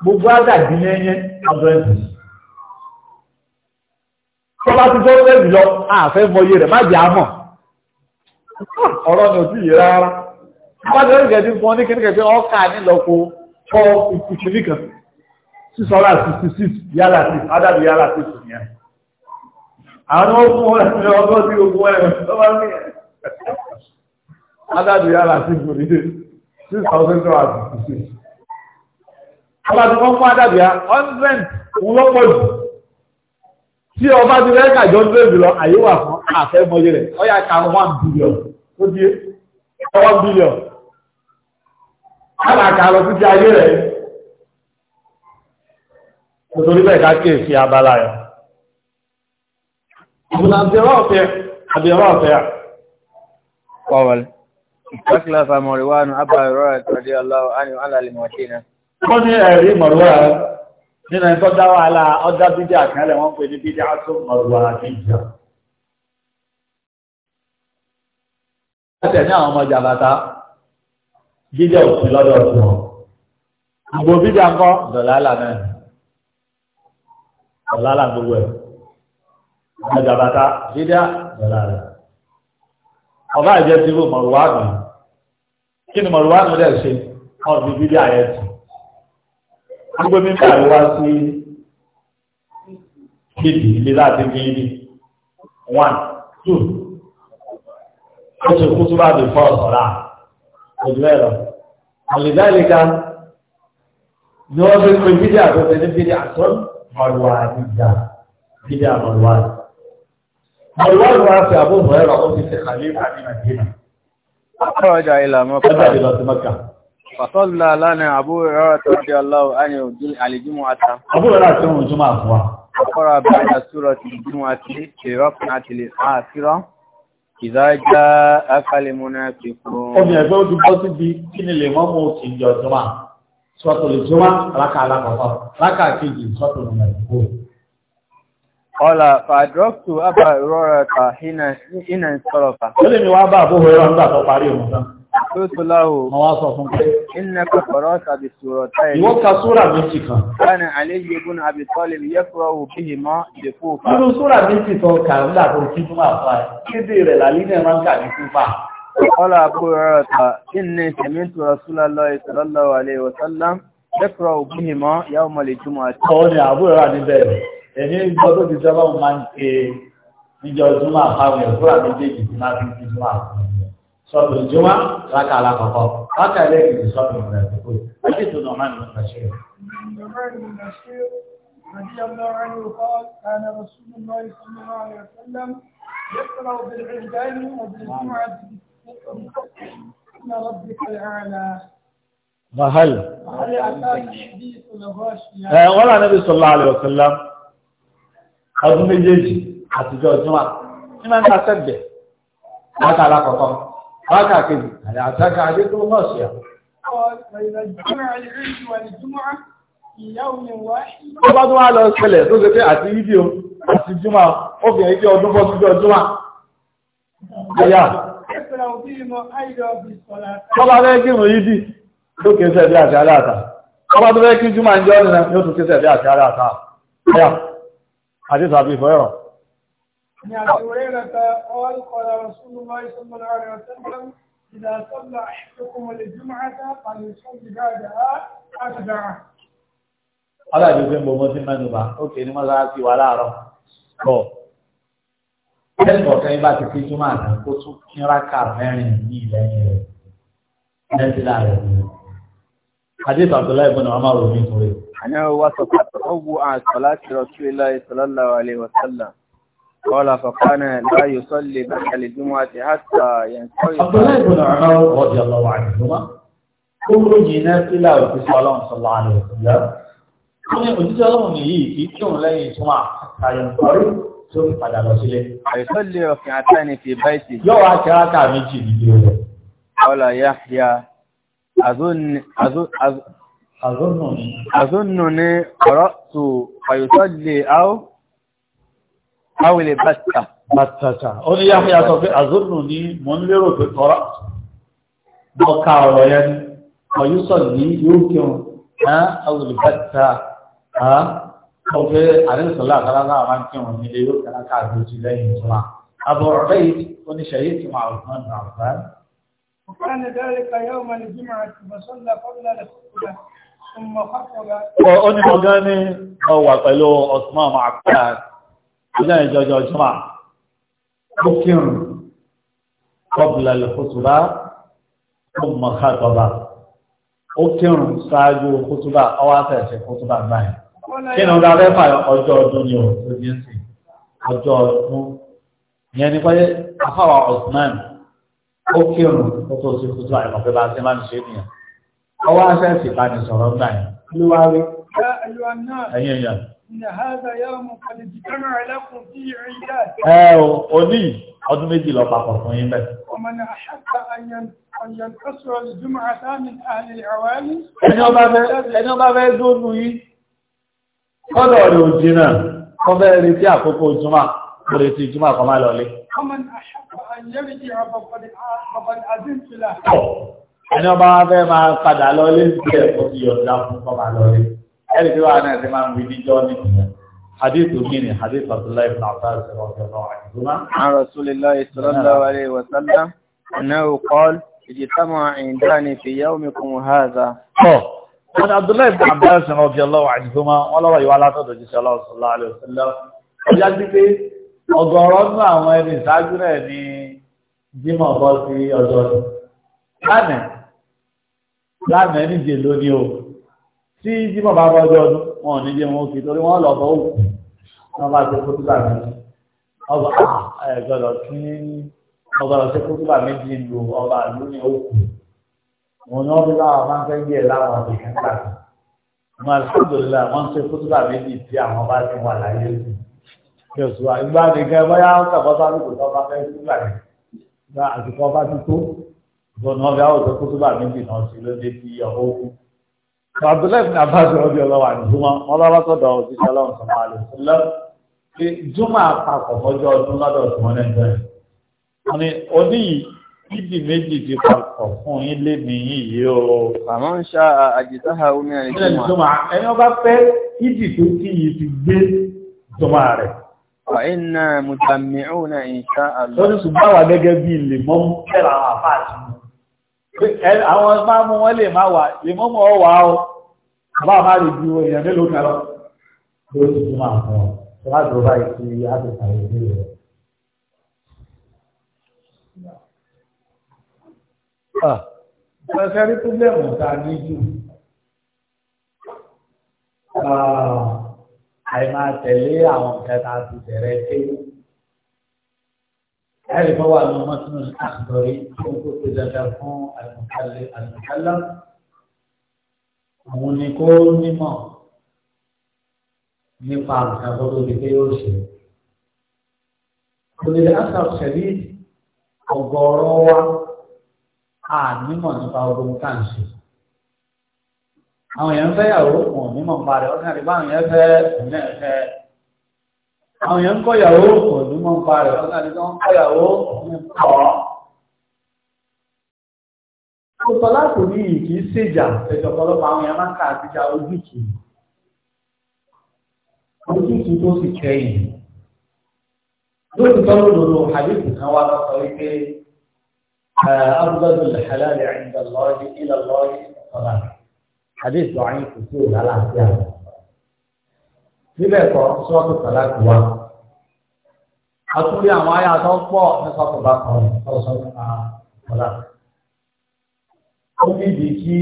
[SPEAKER 1] gbogbo àdàbí lẹ́yìn ọdọ́ẹ̀sì tó bá ti fẹ́ fẹ́ jùlọ àfẹ́ mọye rẹ̀ má jẹ́ àmọ̀ ọ̀rọ̀ ni ò four fifty three kan six hundred and sixty six yálà sí adájú yálà sí sùn yẹn àwọn ọmọ fún wọn ẹgbẹ́ ọgbọ́n sí
[SPEAKER 3] ogun ẹ̀rọ lọ́wọ́ ní ẹ̀
[SPEAKER 1] adájú yálà sí sùn yẹn six thousand two hundred and sixty six alájú wọn fún adájú yá hundred òun lọ́pọ̀ jù tí ọba ti rẹ́ka jọ ń bèèrè lọ àyè wà fún àfẹ́ mọ́jẹ́ rẹ̀ ọ̀yà ka one billion ó di one billion alàkà lọ títí ayé rẹ̀ nítorí bẹ́ẹ̀ ká kíyèsí abala yẹn ìbùnà àbẹ̀rọ̀ ọ̀fẹ́ àbẹ̀rọ̀ ọ̀fẹ́ ọ̀wọ̀lẹ̀ ìtọ́kìlá fàmọ̀ríwánu abàrọ̀ ìtọ́dí aláwọ̀ ánìyàn alàlìmọ̀ṣínà
[SPEAKER 3] wọ́n ní ẹ̀rí mọ̀rúwà
[SPEAKER 1] nínú ẹ̀tọ́ dá wàhálà ọdá bídí àkànlẹ̀ wọ́n pè ní bídí àtó mọ̀rúwà níjà látẹ̀ ní àwọn ọmọ jàbàtà jíjẹ òsì lọ́dọ̀ sí wọn. Àgbo bíjà ńkọ́ dọ̀làlà náà. Dọ̀làlà gbogbo ẹ̀. Ọjà bàtà bíjà dọ̀làlà. Ọba ìjẹ́ ti wò mọ̀rùwánù. Kí ni mọ̀rùwánù dẹ̀ ṣe? Wọ́n fi bíjà yẹn tì. Gbogbo mi bá wá sí kídì ilé láti gbìyànjú. One, two. Ó ṣe kútúbà bí fọ́ọ̀sì ọ̀la. Ojú ẹ̀ lọ àlìdáríkà ni wọ́n fi pín bídí àtọ́tẹ́ ní bídí àtọ́n ọ̀rọ̀ àdìjà bídí àmọ̀lúwà ọ̀rọ̀ àrùn àti àbúrò ẹ̀rọ àwọn ti ṣe kàlí àti nàìjíríà. Ọ̀rọ̀jà ìlà mọ́kà. Ọjà ìlọ sí mọ́kà. Fàtọ́lá lánàá àbúrò ẹ̀rọ tó di aláwọ̀ ìdájá akálẹ̀mọ́nà ti fún. Omi ẹ̀gbẹ́ ojú bọ́ síbi kí ni lè mọ́mú ti jọ jọmọ́ sọ́tò lè jọmọ́ aláka alákọ̀ọ́kọ́ aláka kejì sọ́tò lè mọ̀ ìdìbò. Ọlà fàdúrọ́kù àbá ìrọ́ra ta hínà ìsọ̀rọ̀fà. Ó lè mi wá bá àbúrò ẹ̀rọ nígbà tó parí òun tán. Tótó láhò. Mo wá sọ fún pé. Iná kọ̀kọ̀rọ̀ tàbí sọ̀rọ̀ táyì. Ìwọ́n ka súrà méjì kan. Báyìí Alẹ́ yìí gún àbí tọ́lẹ̀ yẹ fúra wò bí yìí mọ́ ìdèkú fa. Nínú súrà méjì tó kà ń dàbò kí fún àfa ẹ̀. Kéde rẹ̀ lálẹ́ náà máa ń kà ní fún fa. Kọ́lá àbúrò rẹ̀ ta, ìnà ni àbúrò tó ti jọba máa صلاة الجمعة ركعة على قطار ركعة لكن صلاة المنافقون حديث نعمان بن بشير
[SPEAKER 3] نعمان بن بشير رضي الله عنه قال كان رسول الله صلى الله عليه وسلم يقرأ بالعيدين وبالجمعة إن ربك الأعلى فهل هل أتاك حديث الغاشية اه، ولا النبي
[SPEAKER 1] صلى الله عليه وسلم أظن يجي حتى جوز إما أنت أسبح ركعة على قطار rákà kejì àtàkà àdékò nọ́ọ̀sì à.
[SPEAKER 3] ó bá tún wá lọ ṣẹlẹ̀ tó
[SPEAKER 1] ṣe pé àti yídíò àti jùmọ̀ obìnrin jẹ́ ọdún bọ́síjọ́ jùmọ̀
[SPEAKER 3] àyà. tọ́ba fẹ́ kí mo yídì
[SPEAKER 1] tó kí n sẹ̀ bí àti aláàtà tọ́ba tó fẹ́ kí jùmọ̀ ń jẹ́ ọ̀nà yóò tún kí sẹ̀ bí àti aláàtà àyà àti
[SPEAKER 3] عن ابي هريره قال قال رسول الله صلى الله عليه وسلم اذا صلى احدكم الجمعه فليصلي بعدها اربعه.
[SPEAKER 1] ala ju pe mo mo ti mẹ́nu bà oke ni wọn láti wà láàárọ̀ bọ ẹnìkan kan bá ti fi júmọ àná kó tún kínra kà mẹ́rin ní ìlẹ́yìn rẹ̀ nẹsílà rẹ̀ ni hadith abdullahi ibn umar romi tori. àná wa sọ pé ọwọ́ àṣọ láti rọ sí ilé sallallahu alaihi wasallam. قال فكان لا يصلي بعد الجمعة حتى ينصرف عبد الله بن عمر رضي الله عنهما كل جنازة وفي صلاة صلى الله عليه وسلم ní òjíṣẹ́ ọlọ́run nìyí kì í kírun lẹ́yìn ìtumọ̀ àyànfọ́rí tó fi padà lọ sílé. àìsàn lè ọ̀fìn àtẹ́ni fi báyìí sí. yóò wá kí áká méjì nílé rẹ̀. ọlọ ya ya àzónù ni ọ̀rọ̀ tó àyùsọ̀ lè áó awele bàtà. bàtàtà ó ní yáhùyá sọ pé àzónù ní mò ń lérò pé kọ́ra mọ́ ka ọ̀rọ̀ yẹn ni ọ̀yún sọ ní yóò kírun ẹ́ awele bàtà ẹ́ ó pé àrísọ̀lá àkàrà máa ń kírun nílé yóò kẹ́ra káàdì ojú lẹ́yìn ìtura. أبو عبيد بن شهيد مع عثمان بن عفان
[SPEAKER 3] وكان ذلك يوم الجمعة فصلى قبل الخطبة ثم خطب وأني
[SPEAKER 1] مجاني هو قالوا عثمان ọjọ́ ìjọjọ jùmọ̀ ó kírun kọ́bùlà lẹ́kọ́tùbá ó mọ̀ káàtọ́bà ó kírun ṣáájú kótùbà ọwọ́ àtẹ̀sẹ̀ kótùbà báyìí kí ni ọdún abẹ́fà ọjọ́ ọdún ni ò tó ní sí ọjọ́ ọdún ìyẹn ni pé afáwà Osman ó kírun ó tó sí kótùbà ìmọ̀ pé bá ṣe máa ń ṣe nìyẹn ọwọ́ àtẹ̀sẹ̀ ìbánisọ̀rọ̀ gbà yẹn ló
[SPEAKER 3] ẹ̀yìn ẹ̀yìn Ẹ
[SPEAKER 1] o, òní ọdún méjì lọ papọ̀ fún yín bẹ́ẹ̀.
[SPEAKER 3] Ẹni ọba fẹ́ dónú yí, kọ́dọ̀ rẹ̀ ò jìnà, kọ́ fẹ́
[SPEAKER 1] retí àkókò ìjúmà, kò retí ìjúmà kọ máa lọlé. Ẹni ọba fẹ́ máa padà lọlé, bí ẹ̀kọ́ ti yọ̀dá fún kọ máa lọlé ẹ̀rí tí wàá náà ti máa ń wí níjọ́ ní hadith mi ni hadith abdullahi ibn abbas radiyallahu anhuma. an rasulillahi sallallahu alayhi wa sallam annahu qala ijtama indani fi yawmikum hadha. ọ wọn abdullahi ibn abbas radiyallahu anhuma wọn lọ́wọ́ yìí wá látọ̀dọ̀ jíṣẹ́ ọlọ́run sallallahu alayhi wa sallam ọjà gbígbé ọ̀gọ̀rọ̀ nínú àwọn ẹni ìṣáájú náà ni jímọ̀ bọ́ sí ọjọ́ lánàá lánàá níjẹ lónìí o tí jímọ̀ bá bọ́ ọjọ́ ọdún wọn ò ní jẹ́ wọn ó fi torí wọn lọ bọ́ òkú wọn bá ṣe kótóbà mi ọba ẹ̀gbọ́dọ̀ tí ọgbọ́dọ̀ ṣe kótóbà méjì ń lo ọba ìlú ní òkú wọn ni wọn fi láwọn máa ń fẹ́ yẹ láwọn ọdún kan gbà wọn àlùfáàdùlá wọn ṣe kótóbà méjì tí àwọn bá ti wà láyé lù yọ̀sùwà ìgbà nìkan bóyá ń tàbọ̀ bá lùkù tó bá fẹ́ kótóbà rẹ̀ gba àtìkọ́ bá ti tó ìbọn náà bí abdullahi bin abbas rọbi ọlọwà jùmọ ọlọwọsọdọ òṣìṣẹ́ Ọlọ́run sọmọ àlùsílẹ pé jùmọ àpapọ̀ fọjọ́ ọdún lọ́dọ̀ ọ̀sùnmọ́ nàìjíríà wọn ni ọdún yìí bíbí méjì ti papọ̀ fún yín lé mi yìí o. àmọ́ ń ṣá àjẹsáhà omi àìsàn wa. jùmọ ẹni ọba fẹ́ ìdì tó kí yìí ti gbé jùmọ rẹ̀. wà á iná mùtàmíhùn náà ìṣá àlọ́. lọ́dún ṣùgbọ́n àwa gẹ́gẹ́ bíi lè mọ́ mú kẹ́ra àwọn máa mú wọ́n lè máa wà ìmọ́mọ́ ọwà ọ́ bá máa rí ju èèyàn mélòó kan lọ ló ti tún máa fún ọ láti tẹ̀lé àwọn kẹta ti bẹ̀rẹ̀ kéwù ẹ̀rí bọ́ wà ní mọ́tún àkọ́rí tó ń kó pé dandan fún àlùkálá àwọn ni kó nímọ̀ nípa àǹkà gbọ́dọ̀ di pé yóò ṣe. Olùdí Asaf Ṣẹ̀lí ọ̀gọ̀ọ̀rọ̀ wa a nímọ̀ nípa ogun ká ń ṣe. Àwọn èèyàn ń fẹ́yàwó wọn nímọ̀ nípa rẹ̀ ọ̀sán àti báwọn èèyàn fẹ́ òun náà àwọn èèyàn ń kọ́yàwó ọ̀dún mọ́ ń pa rẹ̀ ọ̀nà àti wọ́n kọ́yàwó ọ̀pọ̀. Ọ̀pọ̀ láti ní ìkì í ṣèjà ẹ̀jọ̀ ọ̀pọ̀lọpọ̀ àwọn èèyàn máa ń àtijọ́ ojútùú. Ojútùú tó sì kẹ́yìn. Lóòótọ́ kan wá wípé Abúgbàdùn níbẹ̀ kọ́ sọ́ọ̀tù tàlákì wa àtúndì àwọn ayé àtọ́ pọ̀ ní sọ́ọ̀tù bá kan sọ́ọ̀tù tàlá. ó níbi kí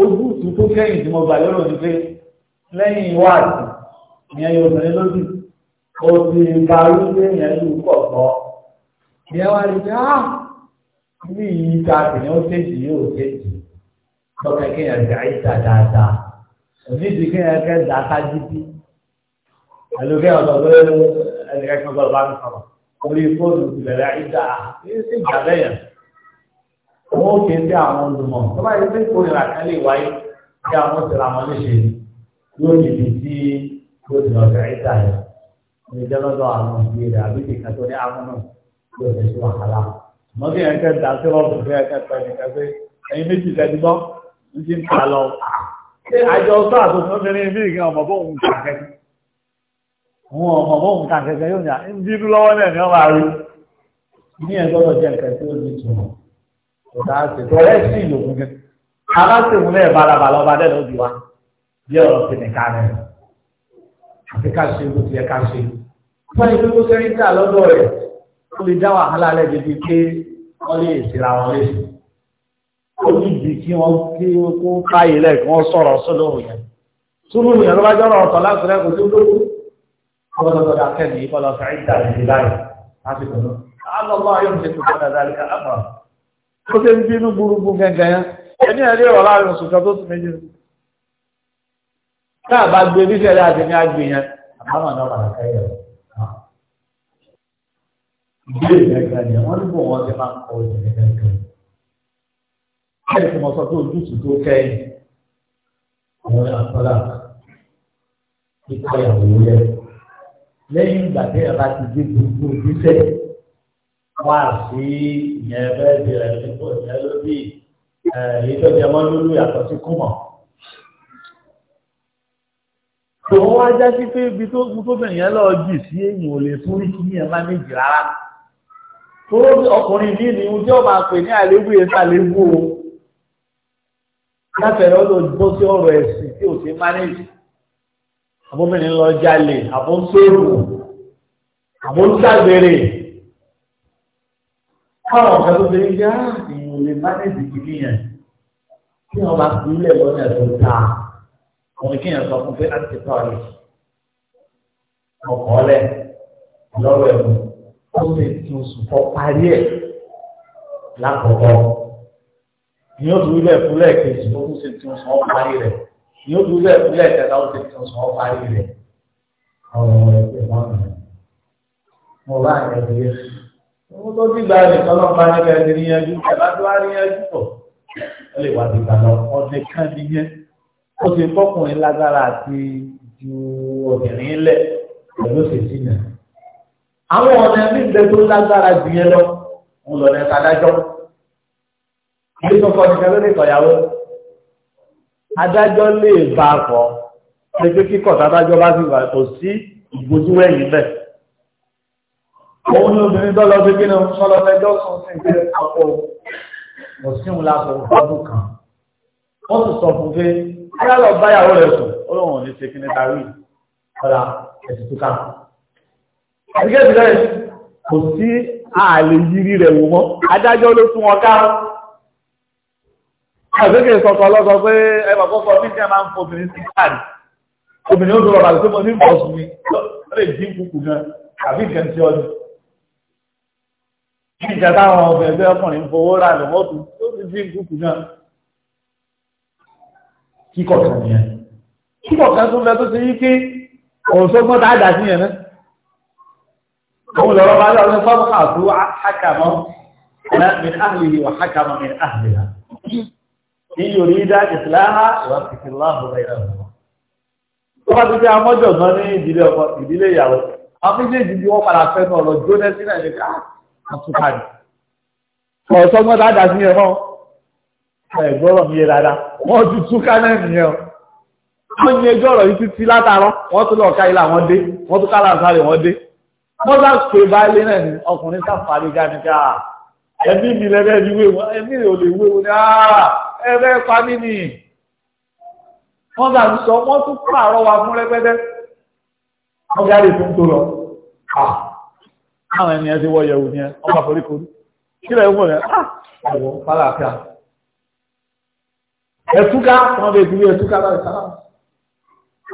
[SPEAKER 1] ojútùú tó kẹ́yìn tí mo gbà lérò ní pé lẹ́yìn ìwádìí ìyẹn yóò bẹ̀rẹ̀ lójú ó ti ba wípé ìyẹn ló kọ̀ kọ́ ìyẹn wá ah! ní pé á ní ìyí kìnìún tèjì yóò tèjì lọ́kẹ́ kéèyàn gbà ìta dáadáa òní ti kí ẹkẹ dà ká jíjí ẹlòmíì ọ̀dọ̀ ló ẹnìkẹ́kẹ́ gbọ́dọ̀ bá mi sọ̀rọ̀ orí fóònù ìbẹ̀rẹ̀ ìdá ìgbà bẹ́yẹn owó kéde àwọn olùmọ̀ tó bá yẹ kó ìrà kan lè wáyé kí àwọn tẹ̀lé àwọn léṣe yóò dìbì tí kó ti lọ́ọ̀tẹ̀ ìdá yẹn ní jẹ́lọ́dọ̀ àwọn ìdí rẹ̀ àbí kìkan tó ní amúnú yóò ti ṣe wàhálà mọ́ kí ẹ̀kẹ́ dà sí ọ̀bùn fún ẹ̀kẹ́ pẹ̀lú ṣé àjọ ọ̀tọ́ àtòsọ́bìnrin bí ìgbìn ọmọ bóun kà kẹ́kẹ́ àwọn ọmọ bóun kà kẹ́kẹ́ yóò ní à ń bínú lọ́wọ́ náà ni wọ́n máa rí ní ẹgbọ́dọ̀ jẹ́ nǹkan tí ó ní ìtumọ̀ ọ̀dà àti ìtọ́rẹ́ sí ìlòkùn kẹ́ aláṣẹ̀wọ̀n náà balabala ọba dẹ́nu òbí wa bí ọ̀rọ̀ ti nìka rẹ̀ àti ká ṣe bó ti yẹ ká ṣe wọ́n ní pípọ́ sẹ́ríkà lọ́dọ̀ rẹ̀ ó lè dá wàhálà lẹ́bi bíi pé wọ́n lè ṣèrà wọn léṣe ó kí wọ́n kí kó káyè lẹ̀ kí wọ́n sọ̀rọ̀ sólóhùn túnú yẹn ló bá jọ́rọ̀ ọ̀tọ̀ láti rẹ̀ kò tó lóko ọlọ́dọ̀dọ̀ akẹ́ni ìfọlọ́ sàìdà ìdí láì lásìkò náà alọ́lọ́ ayọ́ mi ṣètò padà dárí ká àmọ́ ó ṣe ń bínú burúkú gẹ́gẹ́ yẹn ẹni ẹ̀rí ọ̀rọ̀ láàrin oṣù kan tó sì méjì tá a bá gbé níṣẹ́ láti ní agbè yẹn àbámọ̀ náà padà kẹ́yẹ̀ rẹ̀ ìdílé ìgbẹ́gbẹ́ ni wọ́n ní ẹ̀rì kò mọ̀ sọ pé tó kẹ́yìn àwọn àtọ́lá ìkọyàwó yẹ lẹ́yìn ìgbà tí ẹ̀ bá ti dé gbogbo ojúṣe wá sí ìyẹn bẹ́ẹ̀ di ẹ̀ nípò ìyẹn ló bí èyí tó jẹ mọ́ lólu yàtọ̀ sí kùmọ̀. tòun wá já sí pé ibi tó kú bẹ̀rẹ̀ yẹn lọ́ọ́ jì sí èyí ò lè fún kí ní ẹ̀ má méjì rárá. tó ọkùnrin yìí ni ohun tí ó máa pè ní àléébù yẹn sàléébù o látẹ̀yọ́ ló bó sí ọ̀rọ̀ ẹ̀sìn tí o sí mánéjì abómìnir lọ jalè àbóńsóòrò àbóńsàgbèrè káwọn ọ̀gá tó ti rí yá èèyàn ò lè mánéjì kìíní yẹn kí wọn bá fi ilé lọ́nà tó ta àwọn kí yẹn sọ fún pé á ti tọ́ ẹ ọkọ̀ ọ̀lẹ́ lọ́wọ́ ẹ̀mú ó lè tún sùn parí ẹ̀ lákòókò ni ó dúró lẹ̀ fún lẹ́ẹ̀kejì ó tún ṣe tí wọ́n sọ ọ́ parí rẹ̀ ni ó dúró lẹ̀ fún lẹ́ẹ̀kẹta ó ṣe tí wọ́n sọ ọ́ parí rẹ̀ ọ̀rọ̀ ẹ̀jẹ̀ wọn nìyẹn mo bá yẹn di yẹn mo tó dìgbà nìkan náà bá yẹn bẹ́ẹ̀ ní yẹn dúró ẹ̀ bá tó wá rí yẹn dúró ó lè wá dìgbà lọ ọdún kan ní yẹn ó ti fọkùnrin lágbára àti ju obìnrin lẹ̀ pẹ̀lú òṣèṣì náà àwọn ọ̀nà ẹ̀mí ìgbẹ́ tó lágbára jù yẹn lọ ń lọ Ilé tó kọ́ nìkan ló lè kọ̀yàwó. Adájọ́ lè bá a kọ́. Ṣé pé kíkọ̀ tádájọ́ bá ti wà kò sí ìgbójúwẹ̀ yìí bẹ̀.
[SPEAKER 3] Òun ni obìnrin dọ́lọ́ bí kíni sọ́lọ́ fẹjọ́
[SPEAKER 1] sùn sí ìgbé àpò òsínwó lásán ọdún kan. Wọ́n sì sọ fún pé ayá lọ báyàwó rẹ̀ sùn ó lóun ò ní ṣe kíni darí ọ̀la ẹ̀sìn tó kà. Àdìgẹ́ ìbílẹ̀ kò sí ààlè yiri rẹ̀ wò mọ́. Adájọ́ ló tún wọn ká àgbékè sọ̀kọ̀ lọ́sọ̀ pé ẹ̀rọ kọ́kọ́ bí kí a máa ń fọ obìnrin sí káàdì obìnrin ó dọ̀rọ̀ bàbá tó mọ ní bọ̀sùn mi lè dín kúkú gan àbí nǹkan tí ọdún. kí ìjà táwọn ọbẹ̀ ẹgbẹ́ ọkùnrin fowó rà lè mọ́tò ó ti dín kúkú gan. kíkọ̀ kan nìyẹn kíkọ̀ kan tó lẹ tó ṣe yí pé òun tó gbọ́n dáadáa sí yẹn náà. òun lọ́rọ̀ bá lọ́ọ́ ní fọ́ọ̀mù in yurida islaha ìwàkìtì láàbù rẹ̀ rẹ̀ tó bá ti fi amọ́jọ̀ náà ní ìdílé ọmọ ìdílé ìyàwó àwọn méjèèjì bí wọ́n padà fẹ́ náà lọ jóná sí nàìjíríà àtúntà ni ọ̀sọ́gbọ́n dáadáa sí ẹ̀họ́ ẹ̀gbọ́rọ̀ mi yẹ dáadáa wọ́n ti túká náà nìyẹn wọ́n ní ẹjọ́ ọ̀rọ̀ yìí títí látàárọ̀ wọ́n tún lọ́ọ̀ká ilé àwọn dé wọ́n tún kálá sáré wọ́n dé wọ́n bá pè báyìí náà ní ọkùnrin sáfàrí ẹ̀rẹ́ pami nì wọ́n bá sọ wọ́n tún pààrọ̀ wa fún rẹ́pẹ́tẹ́ wọ́n jáde fún tó lọ àwọn ènìyàn ti wọ yẹ̀wò ni ẹ wọ́n bá forí korí kí lẹ̀ wọ́n rẹ̀ àwọ̀ fàlàáfíà ẹ̀túká wọ́n bẹ ìdúró ẹ̀túká láti sára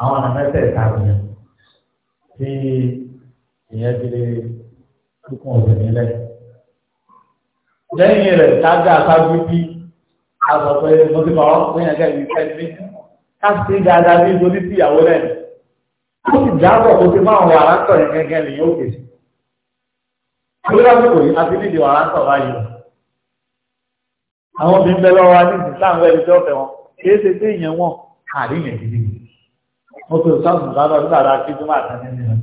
[SPEAKER 1] àwọn ọ̀nà mẹ́tẹ̀ ẹ̀ka rẹ̀ tí ìyẹn ti lè dúkùn obìnrin lẹ̀ lẹ́yìn rẹ̀ tágbà sáájú bíi a sọ pé mo ti kọ̀ ọ́ pé yẹn kẹ́mi kẹ́mi ká sí dáadáa ní ibo ní sí ìyàwó rẹ̀ ó sì dáàbọ̀ kó ti máa wọ àrátọ̀ yẹn gẹ́gẹ́ lèyìn òkè sí. olùdásíkò yìí a ti nídìí àrátọ̀ báyìí àwọn obìnrin bẹ lọ́wọ́ wa ní ìsìn sáàmù ẹni tó fẹ́ wọn kìí ṣe pé ìyẹn wọn àríyàn gidi mo tó sáàmù lọ́dọ̀ nígbà tá a kí tó máa tán nínú rẹ̀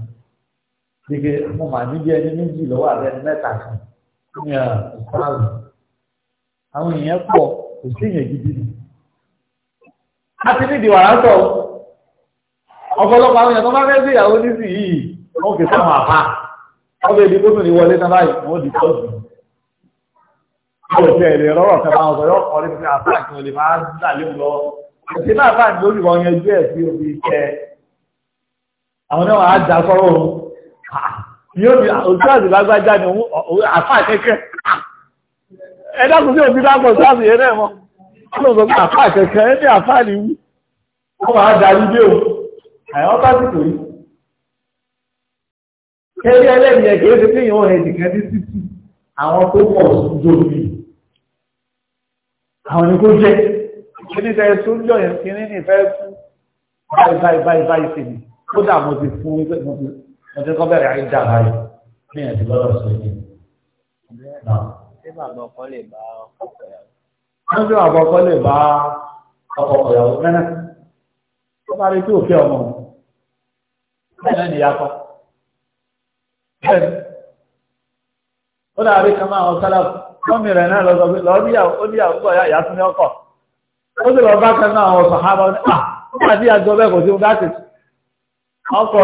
[SPEAKER 1] gbígbé mo máa níbi ẹni méjì lọ́wọ́ àbẹ́ni mẹ́ta kan ní ọ̀sán àwọn èèyàn pọ̀ kò sí èèyàn gidi ni a ti ní ìdí wàrà sọ ọ̀pọ̀lọpọ̀ àwọn èèyàn tó bá fẹ́ sí ìyàwó nísìnyí wọ́n fi sáwọn àpá wọ́n fi di gómìnà ìwọlé náà báyìí wọ́n di tọ́jú àwọn ìṣẹ̀lẹ̀ ẹ̀rọ ọ̀rọ̀ kan máa ń sọ yọ ọ̀rọ̀ nípa àpá àti olè máa ń dà lé lọ àti náà bá ní olùkọ́ yẹn ojú ẹ̀ sí omi kẹ àwọn náà wàá da sọ́rọ̀ òun yóò fi òṣù àti ni òun àpá kẹ́kẹ́ ẹ̀dàkùn sí òbí dápọ̀ sáàbì yẹn mọ́ ọlọ́sọ pé àfáà kẹ̀kẹ́ ẹni àfáà ni wí wọ́n máa darí dé o àyọ́ bá sì kò rí
[SPEAKER 3] kẹ́rí ẹlẹ́nìyàn kìí ṣe pé
[SPEAKER 1] ìwọ̀n ẹ̀jì kan ní àwọn tó pọ̀ jòbí àwọn ni kó jẹ́ kíní tẹ tó ń jọyàn kíní ní ìfẹ́ báyìí báyìí báyìí báyìí sí ni kódà mo ti fún mo ti kọ́ bẹ̀rẹ̀ àìdá báyìí ní ẹ̀jẹ̀ lọ́wọ́ sọ ṣé bàbá ọkọ lè bá lè bá ọkọ ìyàwó mẹ́rin tó bá rí tí ò fẹ́ ọmọ bẹ́ẹ̀ ni ìyá kọ. ó dàbí kan máa ń sálà lọ́mì rẹ̀ náà lọ́sọ̀ pé lọ́ọ́ ó níyàwó gbọ́ ìyá tún ní ọkọ ó sì lọ bá kan náà àwọn sàhábà ní ah, à ó pàdé àjọ bẹ́ẹ̀ kò sí ọkọ̀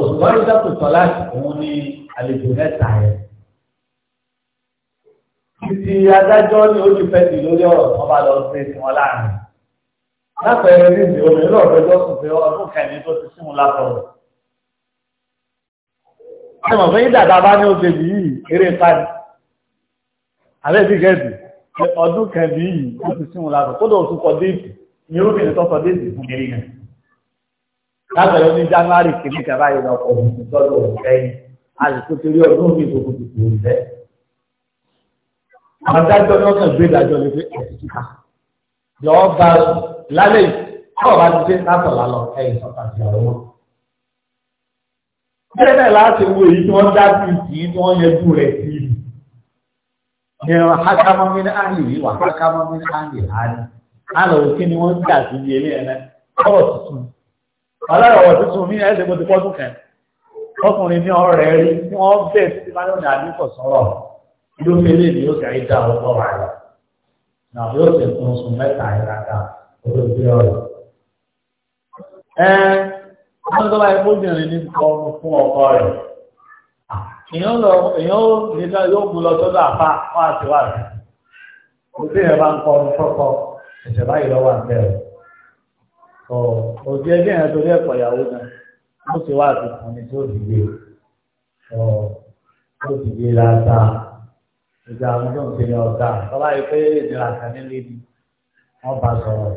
[SPEAKER 1] òṣùgbọ́n ìdàpọ̀ sọ́lá òun ni àlejò mẹ́ta yẹn. títí adájọ́ ni ó ti fẹ́ẹ́ di lórí ọ̀rọ̀ tó bá lọ sí fún ọ láàrin.
[SPEAKER 3] lápẹẹrẹ níbi obìnrin náà fẹjọ́
[SPEAKER 1] sùn pé ọdún kẹrin tó ti sún un látọ̀rọ̀. ṣé mọ̀ fún ìdàdà bá ní oṣù èdè yìí eré pani àbẹ́ ti gẹ̀ẹ́sì ọdún kẹrin yìí ó ti sún un látọ̀rọ̀ kódà oṣù kọ déètì ni irúgbìn tó sọ déètì fún gẹ̀ẹ́gẹ̀ẹ́ lábẹ̀rẹ̀ ní january kìíní kẹfà yìí lọ kọ̀ ọ̀hún lọ́dọ̀ ọ̀sẹ̀yìn a sì tó torí ọdún mi tó kùtù kù ọ̀sẹ̀. àwọn dájọ́ ni wọ́n kàn gbé dájọ́ lè fi ẹ̀sìn kíkà lọ́ọ́ bá lálẹ́ yìí káwọ̀ bá ti dé látọ̀lá lọ ẹ̀yìn sọ́kà sí ọ̀rọ̀ wọn. bẹ́ẹ̀ bẹ́ẹ̀ láti wo èyí tí wọ́n dá sí ìsì tí wọ́n yẹjú rẹ̀ sí i. ni wọn mi ní àyè yìí wà aláàrọ̀wọ̀ tuntun ní ẹ̀ẹ́dẹ̀ mo ti pọ́dún ọkùnrin ní ọ̀rẹ́ rí wọ́n bẹ̀ sí láyọ̀nà àdínkọ̀ sọ́rọ̀ ló fẹ́lẹ̀ ní ó sì dá ọgbọ́ wa rẹ̀ náà yóò sì tún oṣù mẹ́ta ìrànlá olóògbé ọ̀rọ̀. ẹ wọ́n tó báyìí ní ọrùn fún ọkọ rẹ̀ èèyàn lọ èèyàn nígbà yóò mú lọ sọ́dọ̀ àpá wá sí wá rẹ̀ kò sí ẹ̀ bá ń kọrin fọ́kọ òbí ẹbí yẹn torí ẹ̀kọ́ ìyàwó náà ó ti wá àtìkù ni tí ó ti gbé ó láta ìgbà àwọn tó ní ọ̀tá ọba yìí pé ìdílé àṣà nílé ni wọ́n bá sọ̀rọ̀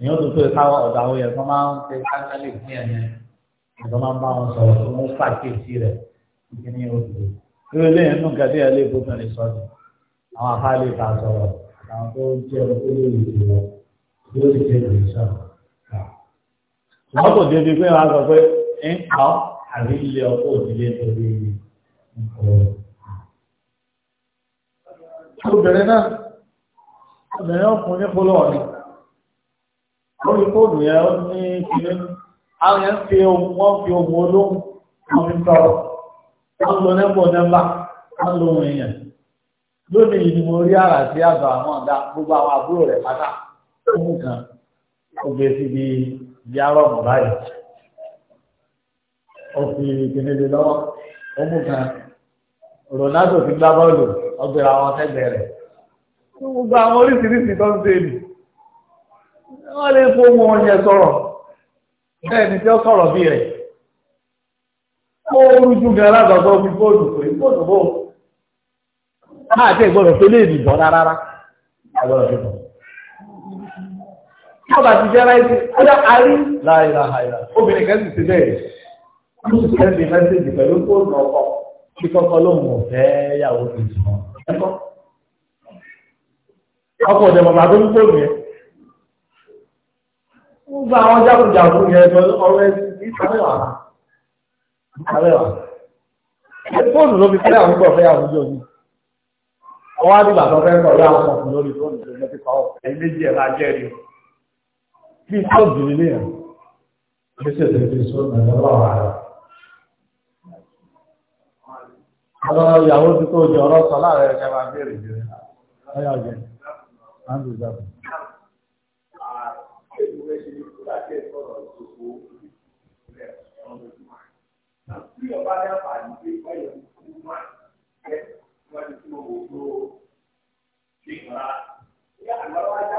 [SPEAKER 1] èèyàn tó tó káwọn ọ̀dà yẹn tó máa ń ṣe káńtálì fún yẹn yẹn máa ń bá wọn sọ̀rọ̀ tó mú pàkíyèsí rẹ̀ kí ni ó ti gbé irú eléyìí nù gàdí ẹ̀ lè bófin lè sọ̀rọ̀ àwọn afáàlè bá sọ̀rọ̀ àwọn tó jẹ́ olóyè ìṣòro yóò ti ṣe ìṣòro ṣùgbọ́n kò débi pé wàá sọ pé ń kà ọ́ àbí ilé ọkọ̀ òdìlé torí obìnrin náà obìnrin ọkùnrin ní polówó ni lórí fóònù yẹn ó ní kìíní àwọn yẹn fi ohun wọn fi ohun olóhùn wọn fi sọ̀rọ̀ wọn lo nẹ́pọ̀ nẹ́mbà wọn lo ohun èèyàn lónìí ni mo rí àrà sí àgbà àwọn ọ̀dà gbogbo àwọn àbúrò rẹ̀ pátá ó mú kan ó gbé síbi. ìyá rọ̀mù báyìí ó fi kìnìún lọ́wọ́ ó mú kan Ronaldo ti gbá bọ́ọ̀lù ọgbẹ̀rẹ̀ àwọn akẹgbẹ́ rẹ̀
[SPEAKER 3] gbogbo àwọn oríṣiríṣi tó ń ṣe nì wọ́n lè fóun wọn yẹn sọ̀rọ̀ bẹ́ẹ̀ ni tí
[SPEAKER 1] ó sọ̀rọ̀ bí rẹ̀ ó rújú gan alágbàgbọ́ fi pé ọba ti jẹ́ ráìsì ọjọ́ àárín láìláìlá obìnrin kan sì ti bẹ́ẹ̀ ló sì sẹ́ndì mẹ́sẹ̀jì pẹ̀lú fóònù ọkọ̀ kí kọ́kọ́ ló mọ̀ fẹ́ yàwó kejì mọ́ ẹ̀kọ́ ọkọ̀ ọ̀dẹ̀ bàbá tó ń fóònù yẹn
[SPEAKER 3] gbogbo àwọn jákujàku
[SPEAKER 1] yẹn lọ ọ̀rẹ́ ìsàlẹ̀wà ìsàlẹ̀wà fóònù ló fi fẹ́ àwọn gbọ̀ fẹ́ àwọn jòjì ọwọ́ àdìgbà tó fẹ́ kọ̀ lọ́wọ́ àwọn ọkùnrin lórí fóònù tó ń fi kọ́ ẹ̀yìn méjì bí sọ́ọ̀dù nílé ẹ̀ gbèsè tẹ̀ fi sọ́ọ̀dù ẹ̀rọ ààrẹ. Àwọn ìyàwó ti tó jẹ ọ̀rọ̀ sọ láàrẹ ẹ̀kẹ́ máa bèèrè jẹ́ ọyá jẹ́ Andrew Zabba. Tí ọba dá pàdé pé ọyọ̀ fún máa jẹ́ wọ́n ti fún owó tó ṣe ìrọ̀lá. Ìyá àgbàlá wá dá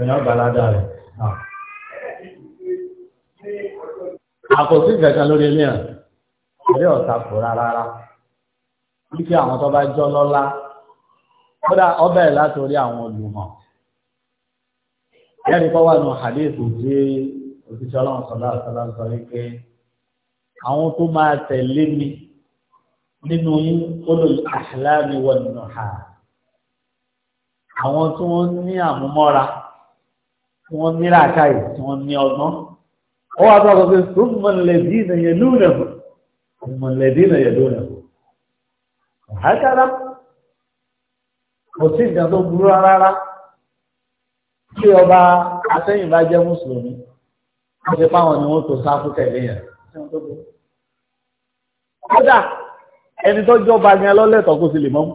[SPEAKER 1] èèyàn gbàládà rẹ̀. Ah. àkòsí ìfẹ̀kan lórí ilé hàn ilé ọ̀tá kò rárá wípé àwọn tó bá jọ lọ́lá kódà ọbẹ̀ látòrí àwọn olùmọ̀ ẹ̀rí kọ́ wà nù hadith tí òṣìṣẹ́ ọlọ́run sọ̀dá sọ̀dá sọ wípé àwọn tó máa tẹ̀lé mi nínú yín ulul ahlami wan nuha àwọn tí wọ́n ní àmúmọ́ra tí wọ́n ní làákàyè tí wọ́n ní ọgbọ́n ó wà tó ọkọ̀ pé sùmọ̀lẹ́dí nà yẹ lónà hù sùmọ̀lẹ́dí nà yẹ lónà hù àhákàrà kò sí nǹkan tó burú rárá tí ọba atẹ́yìn bá jẹ́ mùsùlùmí ó ti fáwọn ni wọ́n tó sáfù tẹ̀lé yẹn kódà ẹni tó jọba ni alọ́lẹ́tọ̀ kó sì lè mọ́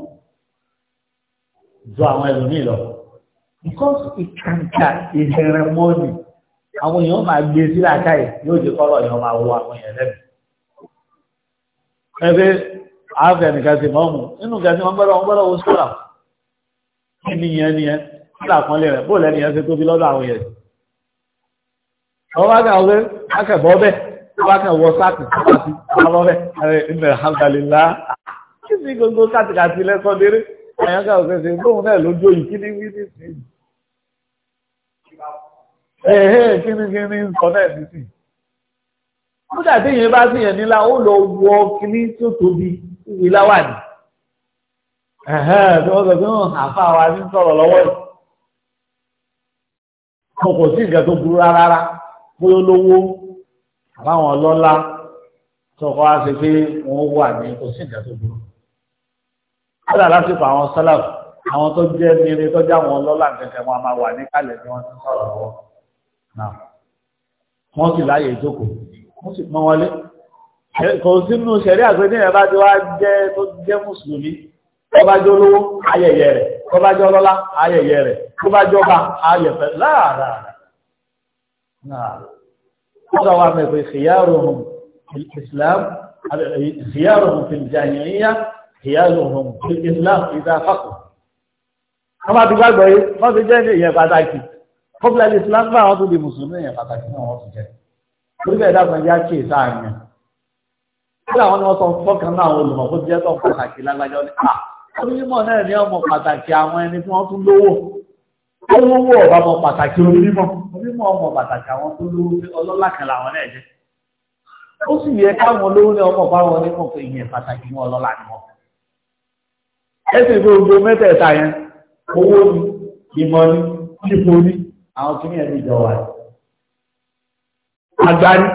[SPEAKER 1] ju àwọn ẹlòmíì lọ because ìkànkà ìhẹrẹmọ́nì àwọn èèyàn máa gbé sí làákàyè yóò jẹ́ kọ́rọ̀ èèyàn máa wo àwọn èèyàn lẹ́nu. ẹgbẹ́ ààfẹ́ nìkan sí mọ́mù nínú nǹkan tí wọ́n gbọ́dọ̀ wọ́n gbọ́dọ̀ wo sọ́ra kí ni ìyẹn ni ẹ sílà kan lè rẹ̀ bó lẹ́nu yẹn ṣe tóbi lọ́dọ̀ àwọn èèyàn. àwọn bá kà wọ́n akẹ́bọ́ bẹ́ẹ̀ wọ́n bá kà wọ́ sáàkì kàtàkì àwọn bẹ́ẹ̀ ẹ̀ ẹ̀ àyàn ká ṣe bóun náà lójú òyìn kí ni wí ní sìn. ẹ̀hẹ́ kí ni kí ni sọ náà ní sìn. kódà tí èèyàn bá sìn yẹn nílá ó lọ wọ kíní tó tóbi ìwé láwà ní. tí wọ́n sọ pé wọ́n àfa wa ní sọ̀rọ̀ lọ́wọ́ yìí. mo kò sí nǹkan tó burú rárá bóyá olówó àbáwọn ọlọ́lá tọkọ á ṣe wà ní kò sí nǹkan tó burú kódà lásìkò àwọn sálàfù àwọn tó jẹ́ mire tó jẹ́ àwọn ọlọ́lá kẹ̀kẹ́ wọn máa wà ní kálẹ̀ ni wọ́n ti sọ̀rọ̀ lọ́wọ́ náà wọ́n sì láàyè ìjókòó wọ́n sì pọ́n wọlé kò sínú sẹ̀rí àgbẹ̀dẹ́ yẹn bá ti wá jẹ́ tó jẹ́ mùsùlùmí tó bá jẹ́ olówó ayẹyẹ rẹ̀ tó bá jẹ́ ọlọ́lá ayẹyẹ rẹ̀ tó bá jẹ́ ọba ayẹfẹ́ láàrá náà khiyaruhum fil islam ìdá fàkù. wọ́n bá ti gbàgbọ́ yìí wọ́n ti jẹ́ ní ìyẹn pàtàkì kọ́bílẹ̀ islam bá wọn tó di mùsùlùmí ìyẹn pàtàkì náà wọ́n ti jẹ́ torí bẹ́ẹ̀ dáàbò ẹ̀jẹ̀ àti ìta àyàn. nígbà wọn ni wọ́n sọ fọ́kàn náà àwọn olùmọ̀ kó jẹ́ tó pàtàkì lágbájọ́ ni à onímọ̀ náà ní ọmọ pàtàkì àwọn ẹni tí wọ́n tún lówó olówó ọba mọ pàtàkì onímọ̀ onímọ̀ ọmọ pàtàkì àwọn tó lówó ọlọ́lá kan làwọn náà jẹ́ ó sì yẹ káwọn olówó ní ọmọ bá wọn pé ìyẹn pàtàkì wọn ọlọ́lá ni wọn ẹ̀sìn gbogbo mẹ́tẹ̀ẹ̀ta yẹn owó ni ìmọ̀ ni ipò ni àwọn kìíní ẹ̀ níjọ wà ní. agbárí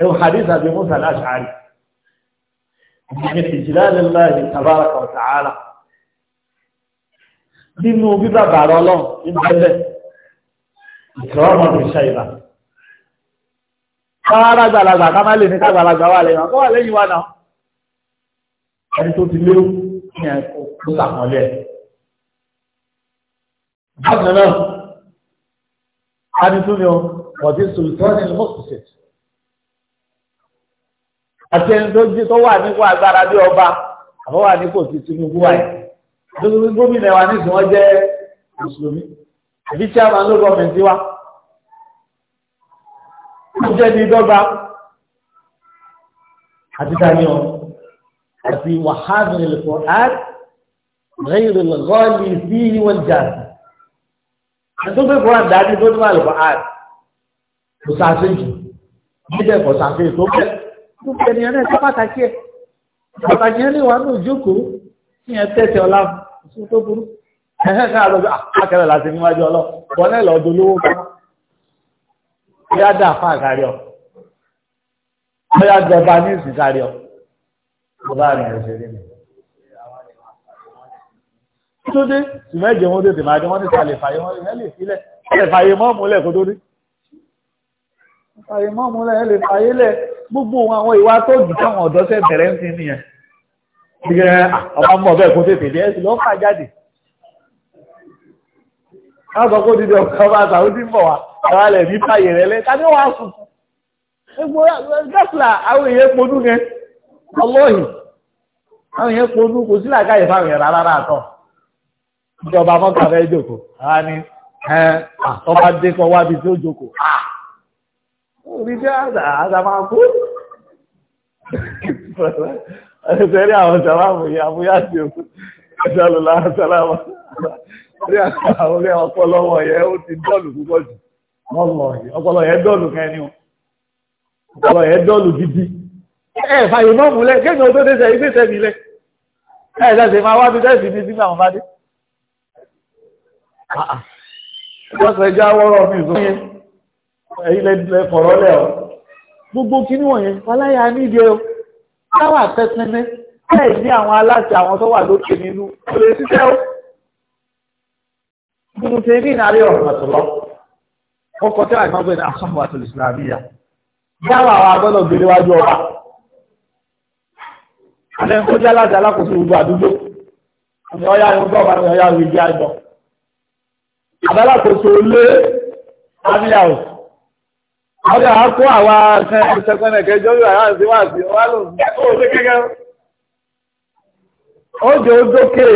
[SPEAKER 1] ẹ̀wọ̀n hadith àbí musa láṣáárì ìgbìmọ̀ ìjìláàlélàhì tabaraka wa ta'ala nínú bíbá bàrọ̀ ọlọ́run ìbẹ̀lẹ̀ ìkọ̀ọ́mọ̀dún ṣàìbà káàrà gbàlagbà ká má lè ní ká gbàlagbà wà lẹ́yìn wà náà ẹni tó ti léwu ní ẹ̀kọ́ tó sàkànlẹ̀. Bákan náà, Adi tún ni ọ, Bọ̀dé Sultani Mọ́sùsẹ̀. Àti ẹni tó jí tó wà nípò agbára bí ọba, àbọ̀ wà nípò ti Tinubu wáyé. Lóṣù gómìnà wa nísìnyí wọ́n jẹ́ Mùsùlùmí. Àbí chairman ló gọ́ọ̀mẹ̀ntì wa. Ó jẹ́ ní dọ́gba. Àti ta ni àti wàhálà ìlẹ̀kọ̀ àt rẹ́yìn lọ́gọ́ ní sí wọn jà ẹ̀tọ́ pé kúrò àdáni tó ní wà lọ́kọ̀ àt kò sáfẹ́ jù níbẹ̀ kò sáfẹ́ tó bẹ̀
[SPEAKER 3] tó bẹ̀ ni ẹ̀rẹ́ sápàtàkì ẹ̀ pàtàkì ẹ̀ lè wà ní òjókòó
[SPEAKER 1] ní ẹ̀ tẹ̀sẹ̀ ọ̀la fún tó burú ẹ̀hẹ́ ká lọ sí àkẹ́rẹ́ ah, láti níwájú ọlọ́ wọn náà lọ́ọ́ dolówó pa ó yá dá àfa àkárí ọ ó yá dọba ní ìsìn kárí ọ tó bá rìn ẹ̀ṣẹ̀ rí mi. kí tó dé ṣùgbọ́n ẹ̀jẹ̀ wọn tètè máa dé wọ́n ti ta lè fàyè wọ́n lè filẹ̀ lè fàyè mọ́ múlẹ̀ kó tó dé.
[SPEAKER 3] fàyè mọ́ múlẹ̀ lè fàyè lẹ̀ gbogbo àwọn ìwà tó jù táwọn ọ̀dọ́ sẹ̀ bẹ̀rẹ̀
[SPEAKER 1] ń sin nìyẹn. ìgbẹ́ ah, ọba mọ̀ bẹ́ẹ̀ kó tètè dé ẹ̀sìn ló fà jáde. káàkó kó dídí ọkọ̀ bá sàrúdí mọ̀ wá àwọn alẹ̀ ní fàyè rẹ̀ lẹ́ ọlọ́yìn àwọn yẹn ponú kò sí làákàyè fáwọn yẹn rárá àtọ̀ ìjọba mọ́ta fẹ́ jòkó àwa ni àtọ́ba dé kọ́ wábi tí ó jòkó orí jẹ́ àdá máa kú ẹ̀sẹ̀rí àwọn sàlámù yìí àmúyá sí òkú ẹ̀sàlùlá sàlámù rí àwọn ọpọlọ wọn yẹn ó ti dọ́ọ̀lù púpọ̀ jù ọpọlọ yẹn dọ́ọ̀lù kẹ́ni ọpọlọ
[SPEAKER 3] yẹn dọ́ọ̀lù gidi
[SPEAKER 1] ẹ fàyè mọ́ múlẹ̀ kéèyàn tó dé sẹ́yìn gbé sẹ́yìn lẹ̀ ẹ ṣẹ̀ṣẹ̀ máa wá bí tẹ́sí bí nígbà wọn bá dé. Ah, ah.
[SPEAKER 3] wọ́n sọ ẹja wọ́rọ̀ mi ìzó yẹn ẹ̀yin lẹ fọ̀rọ̀ lẹ̀ ọ́ gbogbo
[SPEAKER 1] kíní wọ̀nyẹn wàláyà nídìí ẹ o káwà pẹ́pẹ́mẹ́ bẹ́ẹ̀ ní àwọn aláṣẹ àwọn tó wà lókè nínú kò lè ṣiṣẹ́ o. Ibùdó tẹ ní ìnáre ọ̀rọ̀ àtọ̀lọ́. Wọ́n kọ́ tẹ́wà ìmọ̀gbẹ́ni àṣọ àwọn àtọ̀lẹ̀ ìsìlámù yà. Yàrá àlẹ́ tó jẹ́ láti alákòóso gbogbo àdúgbò àmì ọ̀yá irun bọ́ọ̀bù àmì ọ̀yá irun ìdí àìbọ̀ àbálàkòóso lé family house àwọn yàrá kó àwa ṣẹpẹnẹ kẹjọ yóò yàrá sí wá sí wá lò ó ṣe kékeré ó jẹ ó dókè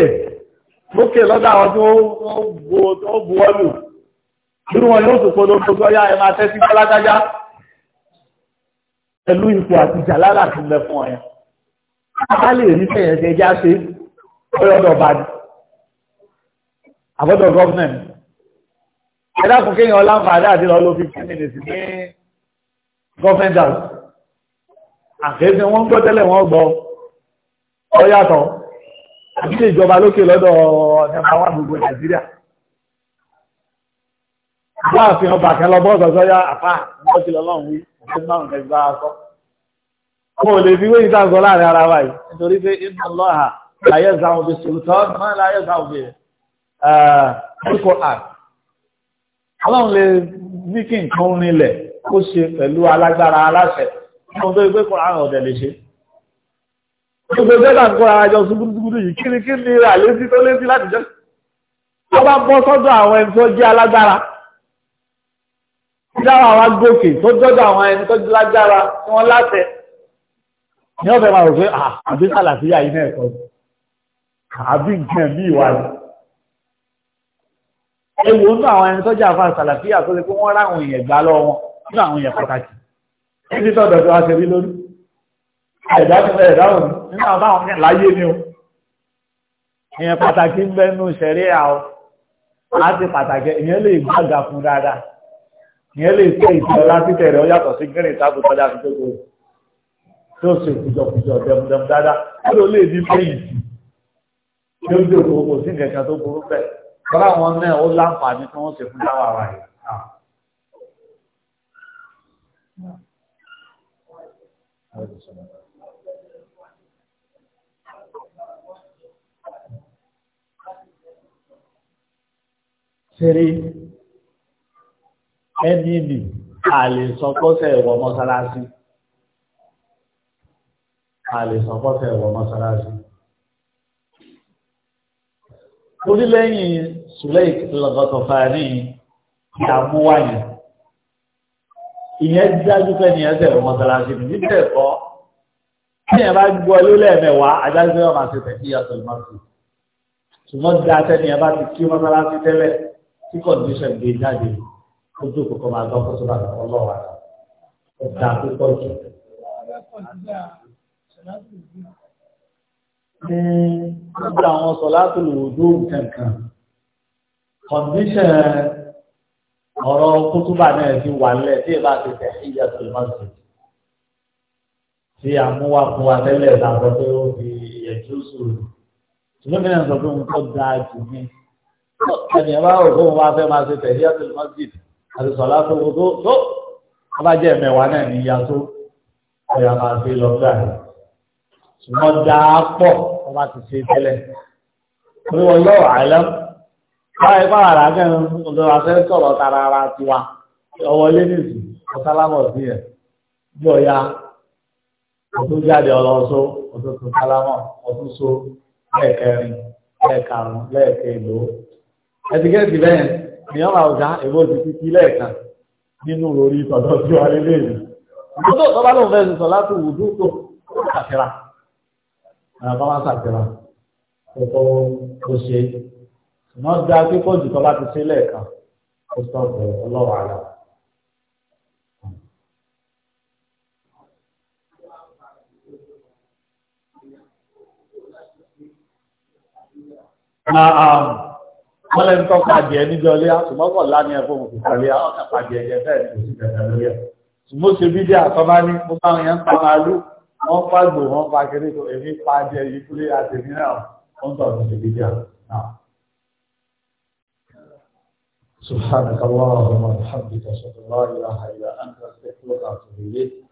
[SPEAKER 1] dókè lọ́dọ̀ àwọn tó bu tó bu ọ́lù bí wọn yóò tún polówó tó yá ẹ máa tẹ́sí kọ́lágájá pẹ̀lú ipò àti ìjà lálàtúndẹ̀ fún ọ a lè rí sẹ́yìn ẹ̀sẹ̀ ẹja ṣe ọlọ́dọ̀ ọba ni àbọ̀dọ̀ gọ́ọ̀nà ni ẹ̀dá kò kéèyàn ọláǹfààní àti lọ́ọ́ fifteen minutes ní government house àkéèké wọ́n gbọ́ tẹ́lẹ̀ wọ́n gbọ́ ọ yàtọ̀ àti ìjọba lókè lọ́dọ̀ nípa wà gbogbo nàìjíríà wọ́n àfihàn bàkẹ́ lọ bọ́ọ̀sọ̀ sọ́yà àfà ní ọ̀sẹ̀ lọ́lọ́run wí òfin márùn-ún ẹgbẹ́ aṣọ kò lè fi wéyìí sáà sọ láàrin ara wa yìí nítorí pé iná lọ́hà láyé sáwọn fi sùlùtọ́ máa láyé sáwọn fi kíkọ́ àn. ọlọ́run lè ní kí nǹkan rinlẹ̀ kó ṣe pẹ̀lú alágbára aláṣẹ ọmọ tó gbé kọ́ àrùn ọ̀dẹ̀ lè ṣe. gbogbo bẹ́ẹ̀ ń kóra àjọ ṣubúrúṣubúrú yìí kí ni kí ni àlésí tó lésí láti jẹ́. tó bá bọ́ sọ́dọ̀ àwọn ẹni tó jẹ́ alágbára dáwọ́ àwọn gòkè tó dọ́dọ̀ àwọn ẹni tó jẹ́ alágbára tí láṣẹ ní ọ̀fẹ́ máa rò pé ah, àbí sàlàfíà iná ẹ̀kọ́ àbí nǹkan bí ìwà rẹ̀ ewu nínú àwọn ẹni tọ́jà fa sàlàfíà tó lè pé wọ́n ráwọn èèyàn gbá lọ wọn nínú àwọn èèyàn pàtàkì títí tọ́jọ́ tó wá ṣe rí lórí ẹ̀dá ẹ̀dá òní nínú àwọn báwọn yẹn láyé ni o èèyàn pàtàkì ń bẹ nínú ìṣẹ̀rí àwọ láti pàtàkì èèyàn lè gbàgà fún dáadáa
[SPEAKER 3] èèyàn lè tẹ ìṣẹ́ ọlá títẹ̀ rẹ̀ yàtọ̀
[SPEAKER 1] sí gírìn tábù tọ́jà fi tó gbòòrò tí ó ṣe kùjọkùjọ dẹmudẹmu dáadáa kí ló lè ní bẹ́yìn sí i tí ó dé òkú kò sí nǹkan tó burú bẹ́ẹ̀ kọ́lá wọn náà ó láǹfààní tí wọ́n ṣe fún dáwà wa yìí. Ṣeré ẹni nì, àlè sọ pọ́sẹ̀ ìwọ mọ́sálásí a lè sọ pọ́sẹ̀ ẹ̀wọ̀ mọ́sálásí. Orí lẹ́yìn Sùlẹ́ìk lọ́gọ́tọ̀ fàárí ìdààmú wáyé. Ìyẹn dájú pé nìyẹn tẹ̀wọ̀ mọ́sálásí ni. Níbi ẹ̀kọ́, tí yẹn bá gbọ́ ló lẹ́ẹ̀mẹ̀wàá, adájú pé wọ́n máa ṣe tẹ̀kí yàtọ̀ lọ́sí. Ṣùgbọ́n dáa tẹ́ni ẹ bá ti kí mọ́sálásí tẹ́lẹ̀ tí kọ̀ǹdíṣọ̀n gbé jáde ojú kòkó máa gbọ́ fọ́sọ́bà lọ́wọ́ wa. Ọ̀dà pípọ̀ jù ní gbogbo àwọn sọ̀látù lòdó kankan kọ̀díṣẹ̀ ọ̀rọ̀ kútúbà náà ti wà lẹ̀ tí ìbá ti tẹ̀ ìyá tó má sí tí a mú wá fún wa tẹ́lẹ̀ láàbọ̀ pé ó fi ẹ̀jú sùúrù ṣùgbọ́n mi náà sọ pé òun tó dáa jù mí ẹni ẹ bá rò wá fẹ́ máa ṣe tẹ̀ ìyá tó má sí àti sọ̀látù lòdó tó wọ́n bá jẹ́ ẹ̀mẹ̀wá náà ní ìyá tó ọ̀yà máa fi lọ yìí ṣùgbọ́n dáa pọ̀ wọ́n bá ti ṣe tẹ́lẹ̀ torí wọn yọ̀ àìlẹ́ báyìí bá àrà kẹrin ọ̀dọ̀ afẹ́ sọ̀rọ̀ tara ara tiwa ọwọ́ ilé nìsí ọ̀sálámọ̀ sí ẹ̀ bí ọ̀ya ọ̀tún jáde ọlọ́ọ̀ṣọ́ ọ̀tún tún sálámọ̀ ọ̀tún so lẹ́ẹ̀kẹrin lẹ́ẹ̀karùn-ún lẹ́ẹ̀kẹlò ẹtikẹ́tì bẹ́ẹ̀ ni wọ́n máa ga èwo ti títí lẹ́ẹ̀kan nínú orí tọ̀dọ̀ sí wa lélẹ́yìn. ìgbésọ̀ tó bá lóun fẹ́ sọ láti wùdú tó kàfíra àwọn bá ṣàtìrà kókó kó ṣe ṣùgbọ́n da kíkọ́ jù tó bá ti ṣe lẹ́ẹ̀kan kó sọ̀rọ̀ ọlọ́wọ́ àlà. wọ́n lẹ́nu tó pàdé ẹ níjọ àtùmọ́kọ̀ lánìí ẹ̀fọ́ òkú pàdé ọ̀kà pàdé ẹ̀jẹ̀ bẹ́ẹ̀ ni kò sí bẹ̀rẹ̀ lórí ẹ̀. ṣùgbọ́n ṣe bí díà tó bá ní mo bá wọn yẹn ń pa màálù wọ́n pàgbò wọ́n pa kiri tó èmi pa jẹ ìkúlé àtẹ̀mí náà wọ́n tọ̀ ní ìdí jà náà. سبحانك اللهم وبحمدك اشهد ان لا اله الا انت استغفرك واتوب اليك